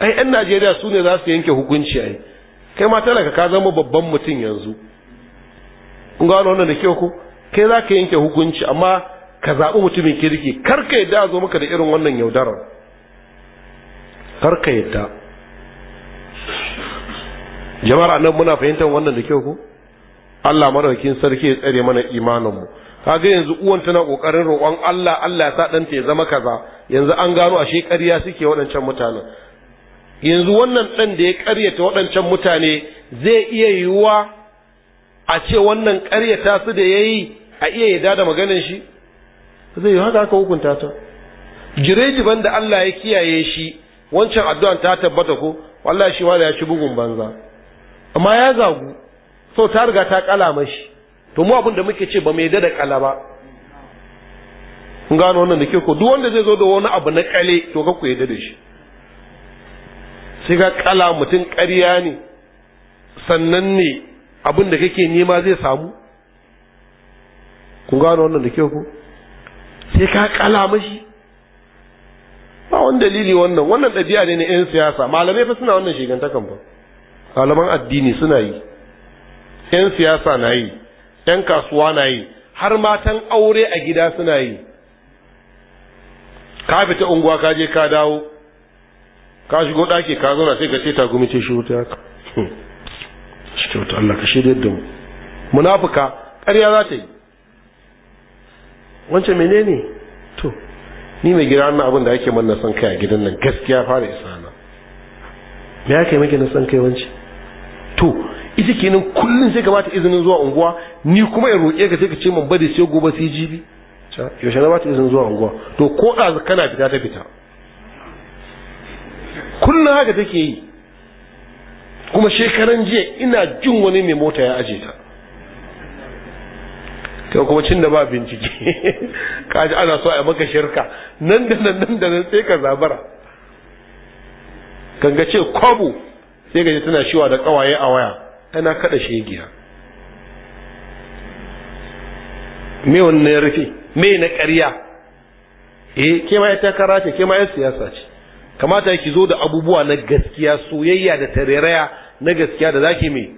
ai yan najeriya su ne za su yanke hukunci ai kai ma talaka ka zama babban mutum yanzu kun gano wannan da kyau ko kai za ka yanke hukunci amma ka zaɓi mutumin kirki kar ka yadda a zo maka da irin wannan yaudarar kar ka yadda jama'ar nan muna fahimtar wannan da kyau ko Allah maraukin sarki ya tsare mana imanin mu kaga yanzu uwan tana kokarin roƙon Allah Allah ya sa ɗanta ya zama kaza yanzu an gano ashe ƙarya suke waɗancan mutanen yanzu wannan ɗan da ya ƙaryata waɗancan mutane zai iya yiwuwa a ce wannan ƙaryata su da yayi a iya yada da maganar shi zai yi haka aka hukunta ta jirejiban da Allah ya kiyaye shi wancan addu'an ta tabbata ko wallahi shi ma da ya ci bugun banza amma ya zagu so ta riga ta kala mashi to mu abin da muke ce ba mai da kala ba kun gano wannan da ke ko duk wanda zai zo da wani abu na kale to ka ku yadda da shi sai ga kala mutum ƙarya ne sannan ne abin da kake nema zai samu kun gano wannan da ke ko sai ka kala mashi ba wani dalili wannan wannan ɗabi'a ne na 'yan siyasa malamai fa suna wannan shigantakan ba malaman addini suna yi yan siyasa na yi yan kasuwa na yi har matan aure a gida suna yi ka fita unguwa ka je ka dawo ka shigo ɗaki ka zauna sai ka ce ta gumi ce shi wuta ka *laughs* shi kyauta Allah ka shirya da mu munafuka ƙarya za ta yi wancan menene to ni mai gida na abin da ake man na kai a gidan nan gaskiya fara isa na me kai maki na son kai wancan to ita kenan kullum sai ka bata izinin zuwa unguwa ni kuma ya roƙe ka sai ka ce min bari sai gobe sai jibi yaushe na bata izinin zuwa unguwa to ko ɗazu kana fita ta fita kullum haka take yi kuma shekaran jiya ina jin wani mai mota ya aje ta kai kuma cin da ba bincike *laughs* kaji ana so a maka shirka nan da nan nan da nan sai ka zabara kan ga ce kwabo sai ka tana shiwa da kawaye a waya ana kada shegiya me wannan rufe me na ƙarya eh ke ma ita kara ke ma siyasa ce kamata ki zo da abubuwa na gaskiya soyayya da tareraya na gaskiya da zaki mai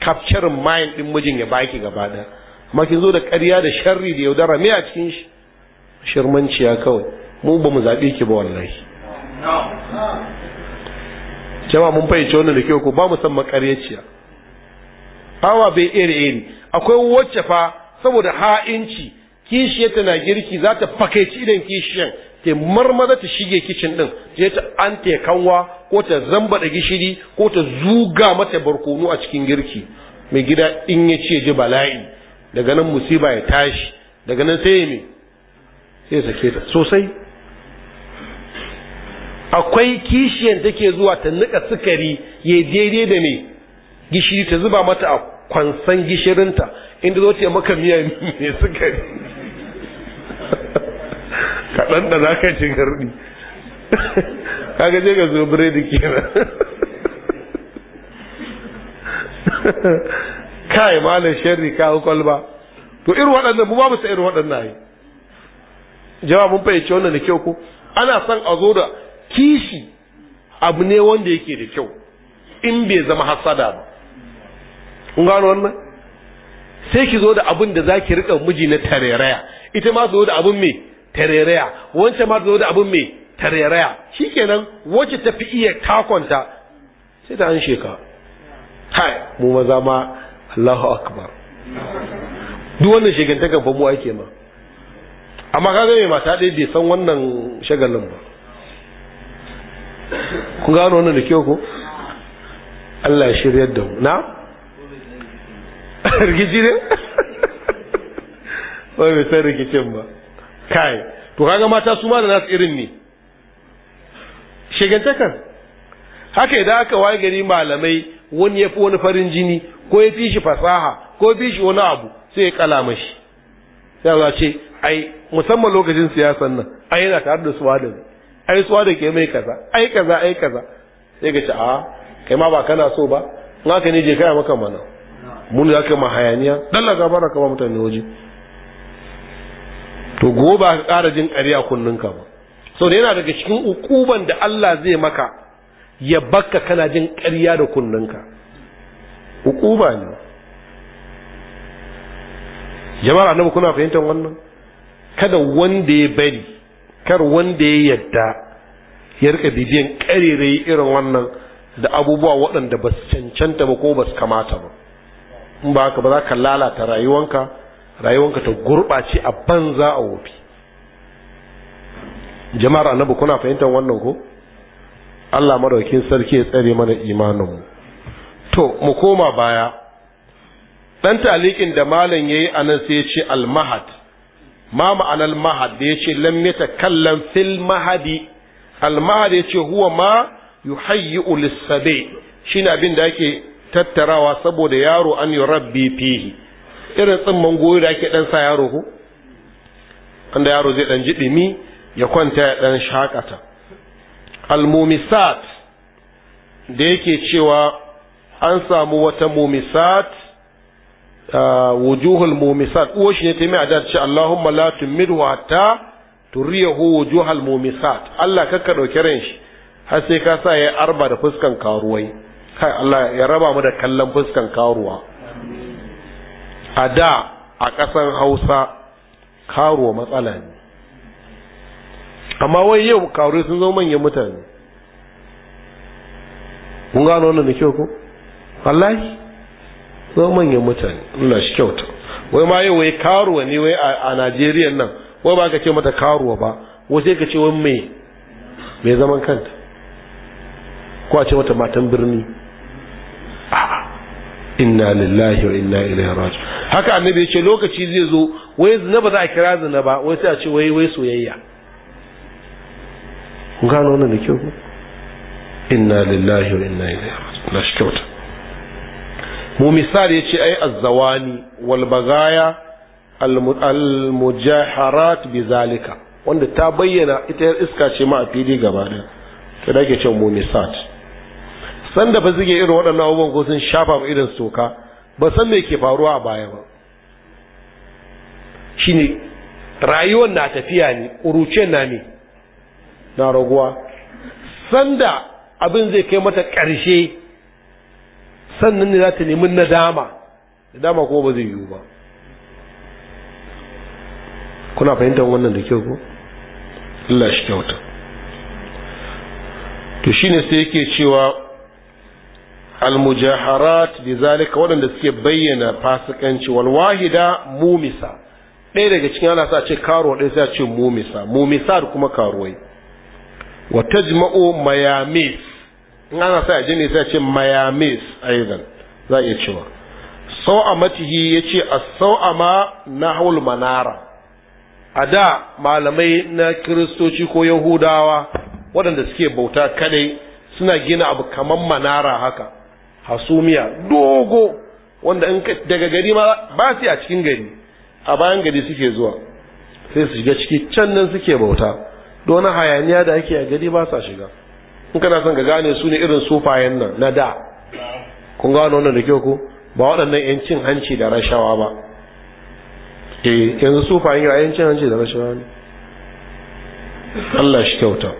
capture mind din mijin ya baki gaba da amma kin zo da ƙarya da sharri da yaudara me a cikin shi shirmanciya kawai mu ba mu zaɓe ki ba wallahi jama mun fahimci wannan da kyau ko ba mu san makaryaciya fawa bai iri iri akwai wacce fa saboda ha'inci kishiyar tana girki za ta fakaici idan kishiyan ta marmaza ta shige kicin ɗin, ta ta an ta kanwa ko ta zamba da gishiri ko ta zuga mata barkono a cikin girki mai gida in ya ce ji bala'i daga nan musiba ya tashi daga nan sai mai sai sake ta sosai akwai kishiyan take zuwa ta nika sukari ya daidai da mai gishiri ta zuba mata a kwansan gishirinta inda zo ta maka miya mai sukari *laughs* kaɗan da za ka ci garɗi *laughs* kaga je ka zo biredi kenan *laughs* kai malam sharri ka kwalba to irin waɗannan mu ba mu sa irin waɗannan yi Jawabin mun fahimci wannan da kyau ko ana son a zo da kishi abu ne wanda yake da kyau in bai zama hasada ba kun gano wannan sai ki zo da abin da zaki rika miji na tareraya ita ma zo da abin me tareraya wancan ma zo da abin me tareraya shikenan wacce ta fi iya takonta sai ta an sheka hai mu maza ma Allahu akbar duk wannan shegantakan fa mu ake ma amma kaga mai mata dai bai san wannan shagalin ba kun gano wannan da kyau ko Allah ya shiryar da mu na rikici ne wai bai san rikicin ba kai to kaga mata su ma da nasu irin ne shigantakar haka idan aka waye gari malamai wani ya fi wani farin jini ko ya fi shi fasaha ko ya fi shi wani abu sai ya kala mashi sai ya ce ai musamman lokacin siyasan nan ai yana tare da suwa da ai suwa da ke mai kaza ai kaza ai kaza sai ka ce a kai ma ba kana so ba in haka ne je kai maka mana mun ya kai mahayaniya dan laga bara ka ba mutane waje to gobe ka kara jin ƙarya kunninka ba so da yana daga cikin ukuban da Allah zai maka ya bakka kana jin ƙarya da kunninka ukuba ne jama'a annabi kuna fahimtar wannan kada wanda ya bari kar wanda ya yadda ya rika bibiyan ƙarerai irin wannan da abubuwa waɗanda ba su cancanta ba ko ba su kamata ba in ba haka ba za ka lalata rayuwanka rayuwanka ta gurɓace a banza a wofi jama'ar annabi kuna fahimtar wannan ko Allah madaukin sarki ya tsare mana imaninmu to mu koma baya dan talikin da malam ya yayi anan sai ya ce al-mahad ma ma'anar mahad da ya ce lam kallon fil mahadi al-mahad ya ce huwa ma yuhayyi'u lis-sabi shine abin da yake tattarawa saboda yaro an yi rabbi fihi irin tsimman goyi da ake dan sa yaro ko wanda yaro zai dan ji dumi ya kwanta ya dan shakata almumisat da yake cewa an samu wata mumisat wujuhul mumisat uwa shi ne ta mai adar ce Allahumma la tumidhu hatta turiyahu wujuhul mumisat Allah kakka ɗauki ran shi har sai ka sa ya arba da fuskan karuwai kai Allah ya raba mu da kallon fuskan karuwa a da a ƙasar hausa karuwa matsala ne amma wai yau karuwa sun zo manyan mutane mun gano wannan da kyau ko wallahi zo manyan mutane Allah shi kyauta wai ma yau wai karuwa ne wai a Najeriya nan wai ba ka ce mata karuwa ba wai sai ka ce wai mai mai zaman kanta ko a ce mata matan birni inna lillahi wa inna ilaihi raji haka annabi yace lokaci zai zo wai zina ba za a kira zina ba wai sai a ce wai wai soyayya kun gano wannan da kyau ko inna lillahi wa inna ilaihi raji na shi kyauta mu misali yace ai azzawani wal bagaya al mujaharat bizalika wanda ta bayyana ita iska ce ma a fili gaba daya sai da ke ce mu misali Sanda da ba suke irin waɗannan abubuwan ko sun shafa ma irin soka ba san me ke faruwa a baya ba shine rayuwar na tafiya ne ƙuruciyar na ne na raguwa sanda abin zai kai mata ƙarshe sannan ne za ta nemi nadama nadama kuma ba zai yiwu ba kuna fahimtar wannan da kyau ko Allah shi kyauta to shine sai yake cewa المجاهرات bi zalika waɗanda suke bayyana fasakanci wal mumisa ɗaya daga cikin ana sa ce karuwa ɗaya sai ce mumisa mumisa da kuma karuwai wa tajma'u mayamis in ana sa a jini sai a ce mayamis aidan za a iya cewa sau'amatihi ya ce a sau'ama na haul manara a da malamai na kiristoci ko yahudawa waɗanda suke bauta kaɗai suna gina abu kamar manara haka hasumiya dogo wanda daga gari ma ba su a cikin gari a bayan gari suke zuwa sai su shiga ciki can nan suke bauta don hayaniya da ake a gari ba sa shiga in kana son ka gane su ne irin sufayen nan na da kun gano wannan da kyau ku ba waɗannan yan cin hanci da rashawa ba eh yanzu sufayen yau yan cin hanci da rashawa ne Allah shi kyauta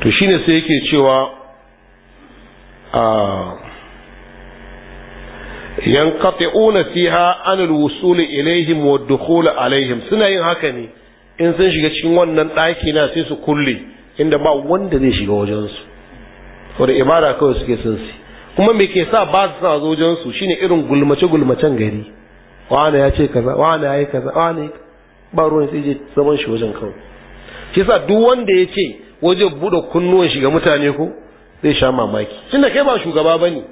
to shine sai yake cewa Yan kafe una fiha an al-wusul ilaihim wa dukhul alaihim suna yin haka ne in sun shiga cikin wannan ɗaki na sai su kulli inda ba wanda zai shiga wajen su saboda ibada kawai suke sun su kuma me ke sa ba su sa wajen su shine irin gulmace gulmacen gari wani ya ce kaza wani ya yi kaza wani ba ruwan sai je zaman shi wajen kawai shi sa duk wanda ya ce waje bude kunnuwan shiga mutane ko zai sha mamaki tunda kai ba shugaba bane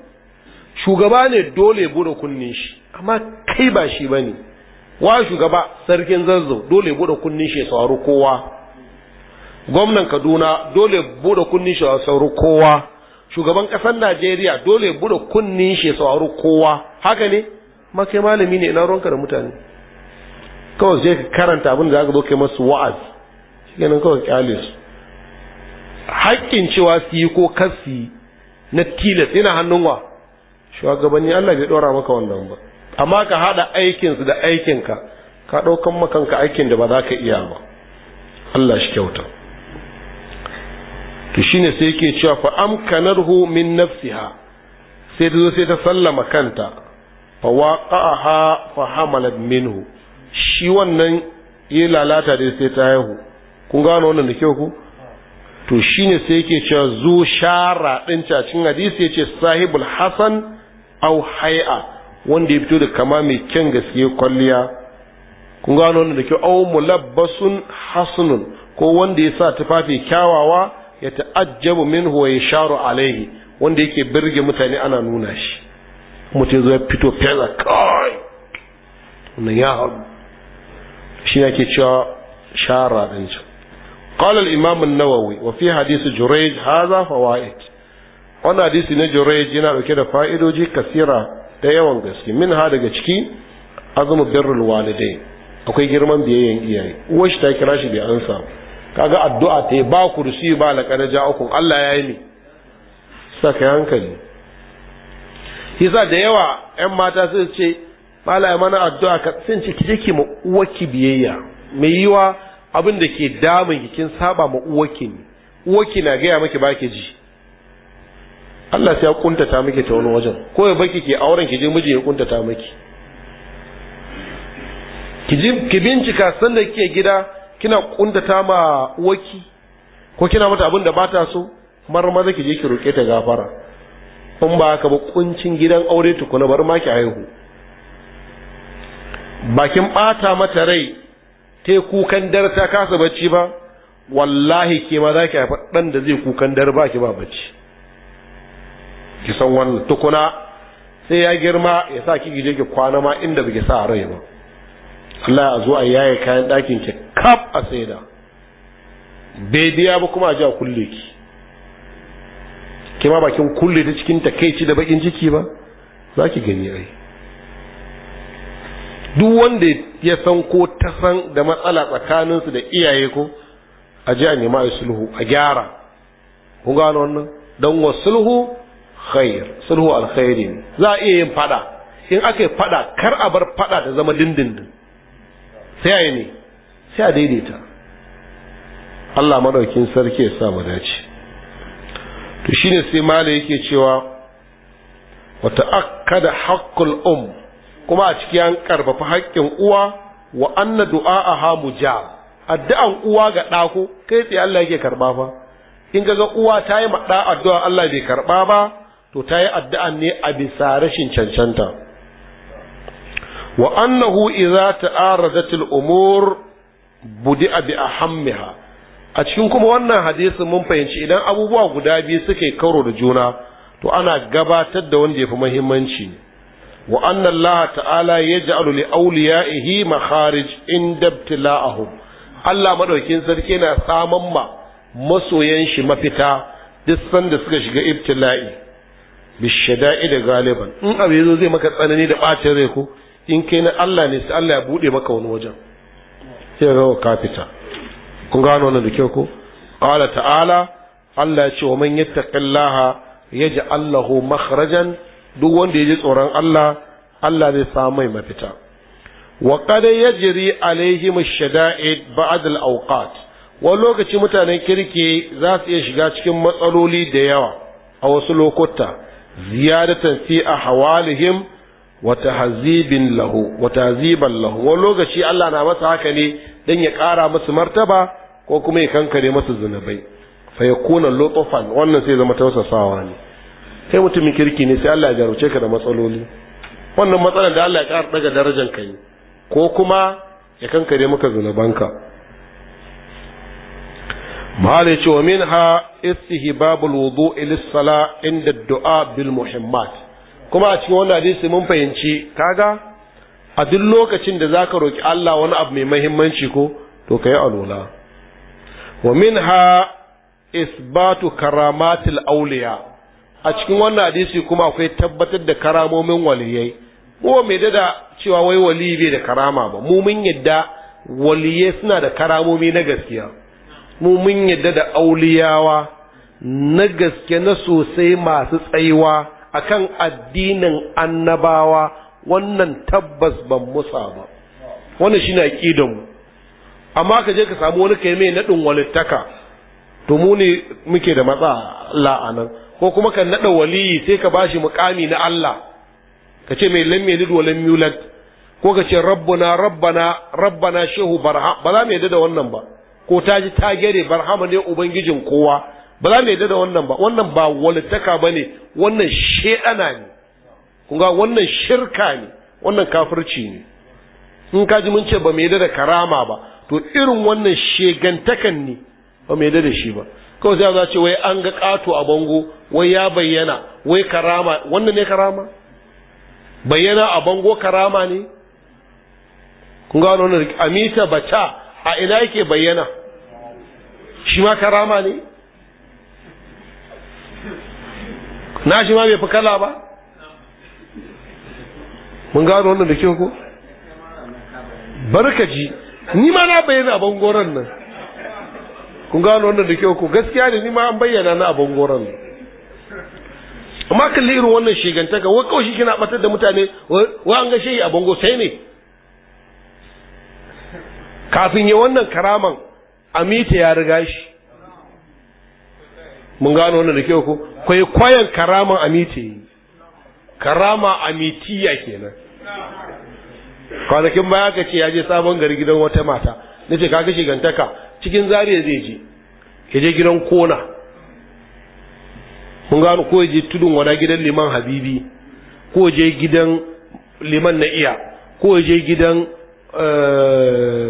shugaba ne dole bude kunnin shi amma kai ba shi bane wa shugaba sarkin zazzau dole bude kunnin shi ya sauri kowa gwamnan kaduna dole bude kunnin shi ya sauri kowa shugaban kasar najeriya dole bude kunnin shi ya sauri kowa haka ne ma kai malami ne ina ronka da mutane kawai je ka karanta abin da za ka zo kai masu wa'azi shi kenan kawai kyale su haƙƙin cewa su yi ko kar na tilas ina hannun wa shugabanni Allah bai ɗora maka wannan ba amma ka haɗa aikinsu da aikinka ka ɗaukan makanka aikin da ba za ka iya ba Allah shi kyauta to shine sai yake cewa fa amkanarhu min nafsiha sai ta zo sai ta sallama kanta fa waqa'aha fa hamalat minhu shi wannan yi lalata dai sai ta haihu kun gano wannan da kyau ku to shine sai yake cewa zu shara ɗin cacin cikin hadisi yace sahibul hasan au hay'a wanda ya fito da kama mai kyan gaske kwalliya kun gano wannan da kyau au mulabbasun hasunun ko wanda ya sa tufafi kyawawa ya ta'ajjabu minhu wa yasharu alaihi wanda yake birge mutane ana nuna shi mutum zai fito fela kai wannan ya haɗu shi ne ake cewa shara ɗin can قال الإمام النووي وفي حديث جريج هذا na وانا حديث جريج da fa'idodi فائده da yawan gaske min ha daga ciki azumin بر الوالدين akwai girman biyayyen iyaye uwar shi ta kira bai ansa kaga addu'a ta ba kursi ba laƙada uku Allah ya yi ne saka hankali yasa da yawa yan mata sun ce malaya mana addu'a ka sun ce ki je ki ma uwarki biyayya mai yiwa abin da ke damun ki kin saba ma uwaki ne uwaki na gaya maki ba ki ji Allah sai ya kuntata miki ta wani wajen ko ya baki ke auren ki je miji ya kuntata miki ki bincika sanda kike gida kina kuntata ma uwaki, ko kina mata abin da bata so mar maza ki je ki roke ta gafara Kun ba ka ba kuncin gidan aure tukuna bar ma ki haihu bakin bata mata rai te kukan dare ta kasa bacci ba wallahi ke ma za ki haifa ɗan da zai kukan dar ba ki ba bacci ki san wannan tukuna sai ya girma ya sa ki gije ki kwana ma inda baki sa rai ba Allah ya zo a yaye kayan ɗakin ki kaf a saida bai biya ba kuma a ji a kulle ki ki ma bakin kulle ta cikin takaici da bakin ciki ba za ki gani ai duk wanda ya san ko ta san da matsala tsakaninsu da iyaye ko a ji a nema a sulhu a gyara kun gano wannan don wa sulhu khair sulhu alkhairi ne za a iya yin fada in aka yi fada kar a bar fada ta zama dindindin sai a ne sai a daidaita Allah madaukin sarki ya sa mu dace to shine sai mala yake cewa wa ta'akkada haqqul um kuma a ciki an karfafa haƙƙin uwa wa anna hamu mujab addu'an uwa ga ɗako kai tsaye Allah yake karba fa in ga uwa ta yi maɗa addu'a Allah bai karɓa ba to ta yi addu'an ne a bisa rashin cancanta wa annahu idza ta'aradatil umur budi'a bi ahammiha a cikin kuma wannan hadisin mun fahimci idan abubuwa guda biyu suke karo da juna to ana gabatar da wanda ya fi muhimmanci wa anna Allah ta'ala yaj'alu li awliyaihi makharij inda ibtila'ahum Allah madaukin sarki yana saman ma masoyan shi mafita duk sanda suka shiga ibtila'i bishada'i da galiban in abu yazo zai maka tsanani da bacin rai ko in kai na Allah ne sai Allah ya bude maka wani wajen sai ga ka fita kun gano wannan da kyau ko qala ta'ala Allah ya ce wa man yattaqillaha yaj'al lahu makhrajan duk wanda ya ji tsoron Allah Allah zai samu mai mafita wa qad yajri alaihim ash-shada'id ba'd al-awqat wa lokaci mutanen kirki za su iya shiga cikin matsaloli da yawa a wasu lokuta ziyadatan fi ahwalihim wa tahzibin lahu wa tahziban lahu wa lokaci Allah na masa haka ne dan ya ƙara musu martaba ko kuma ya kankare musu zunubai fa yakuna lutfan wannan sai zama tausasawa ne kai mutumin kirki ne sai Allah ya garuce ka da matsaloli wannan matsalar da Allah ya ƙara daga darajar ka yi ko kuma ya kankare maka zunubanka malai ce wa minha istihbabul babul lis-sala inda du'a bil muhimmat kuma a cikin wannan hadisi mun fahimci kaga a duk lokacin da zaka roki Allah wani abu mai muhimmanci ko to kai alula wa minha isbatu karamatil awliya a cikin wannan hadisi kuma akwai tabbatar da karamomin waliyai ba mai dada cewa wai wali bai da karama ba mu mun yadda waliyai suna da karamomi na gaskiya mu mun yadda da auliyawa na gaske na sosai masu tsayuwa akan addinin annabawa wannan tabbas ban musa ba wannan shine aqidan mu amma ka je ka samu wani kai mai nadin walittaka to mu ne muke da matsa la'anan ko kuma ka naɗa waliyi sai ka bashi mukami na Allah ka ce mai lamme yalid wa lam yulad ko ka ce rabbuna rabbana rabbana shehu barha ba za mu yadda da wannan ba ko ta ji ta gere barhama ne ubangijin kowa ba za mu yadda da wannan ba wannan ba walittaka ba ne wannan shedana ne kun ga wannan shirka ne wannan kafirci ne in ka ji mun ce ba mu yadda da karama ba to irin wannan shegantakan ne ba mu yadda da shi ba kawai sai za ce wai an ga kato a bango wai ya bayyana wai karama wannan ne karama bayyana a bango karama ne kun ga wannan amita bata a ina yake bayyana shi ma karama ne na shi ma bai fi kala ba mun gano wannan da kyau ko barkaji ni ma na bayyana a bangoren nan kun gano wannan da kyau ko gaskiya ne ni ma an bayyana na abin goron amma kan irin wannan shigantaka wa kawai kina batar da mutane wa an ga shehi a bango sai ne kafin ya wannan karaman amita ya riga shi mun gano wannan da kyau ko kwaikwayon karaman amita yi karama amitiya kenan kwanakin baya ka ce ya je sabon gari gidan wata mata nace kaga shigantaka cikin zariya zai je ya je gidan kona mun gano ko ya je tudun wada gidan liman habibi ko ya je gidan liman na iya ko ya je gidan eh,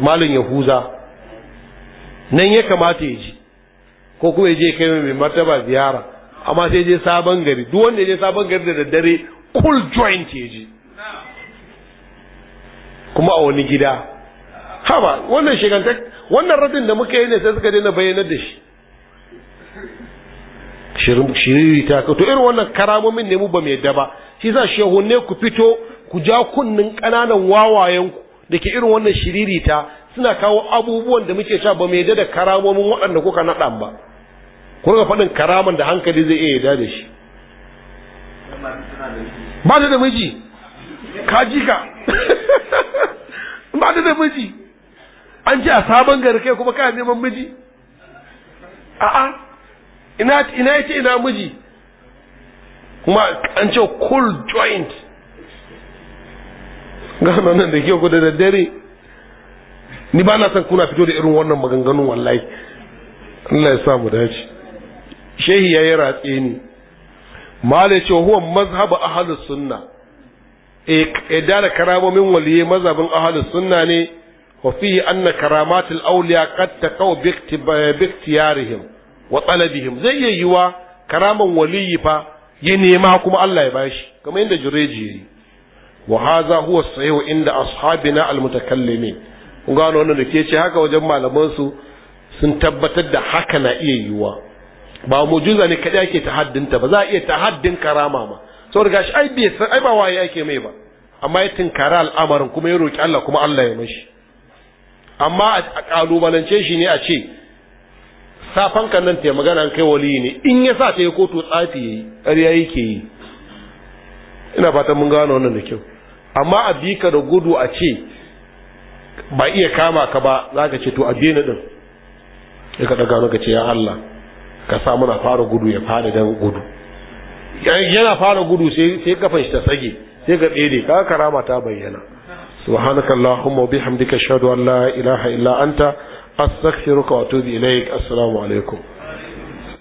malin yahuza nan ya kamata ya ji ko kuma ya je kai mai martaba ziyara amma sai je sabon gari duk wanda ya je sabon gari da daddare cool joint ya ji kuma a wani gida haba wannan shigantar wannan radin da muka yi ne sai suka daina bayyanar da shi shiriri ta to irin wannan karamomin ne mu ba mai daba shi sa shehunne ku fito ku ja kunnin ƙananan wawayen ku da ke irin wannan shiriri ta suna kawo abubuwan da muke sha ba mai da karamomin waɗanda kuka naɗa ba ku ga faɗin karaman da hankali zai iya yada da shi ba da miji ka ji ka *laughs* ba da miji an ji a sabon gari kai kuma kana neman miji a'a ina ina yake ina miji kuma an ce cool joint gano nan da ke ku da daddare ni ba na san kuna fito da irin wannan maganganun wallahi Allah ya sa mu dace shehi ya yi ratse ni mala ce huwa mazhabu ahlus sunna e eh, da karamomin waliyai mazhabin ahlus sunna ne وفيه أن كرامات الأولياء قد تقو باختيارهم وطلبهم زي يوا كرام ولي فا ينيما كما الله يباش كما عند جريجي وهذا هو الصحيح عند أصحابنا المتكلمين قالوا أنه ce هكا وجمع لمنسو sun tabbatar da haka na iya yiwuwa ba mujuza ne kadai ake tahaddinta ba za a iya tahaddin karama ma saboda gashi ai bai san ai ba waye ake mai ba amma ya tinkara al'amarin kuma ya roki Allah kuma Allah ya mashi amma a kalubalance shi ne a ce safankan nan ta magana kai wali ne in ya sa ta yi kotu tsafi yayi ƙarya yake yi ina fatan mun gano wannan da kyau amma a bi ka da gudu a ce ba iya kama ka ba za ka ce to a daina din sai ka daga ka ce ya Allah ka sa muna fara gudu ya fara dan gudu yana fara gudu sai sai kafan shi ta sage sai ga tsere ka karama ta bayyana subhanaka allahumma wa bihamdika ashhadu an ilaha illa anta astaghfiruka wa atubu ilaik assalamu alaikum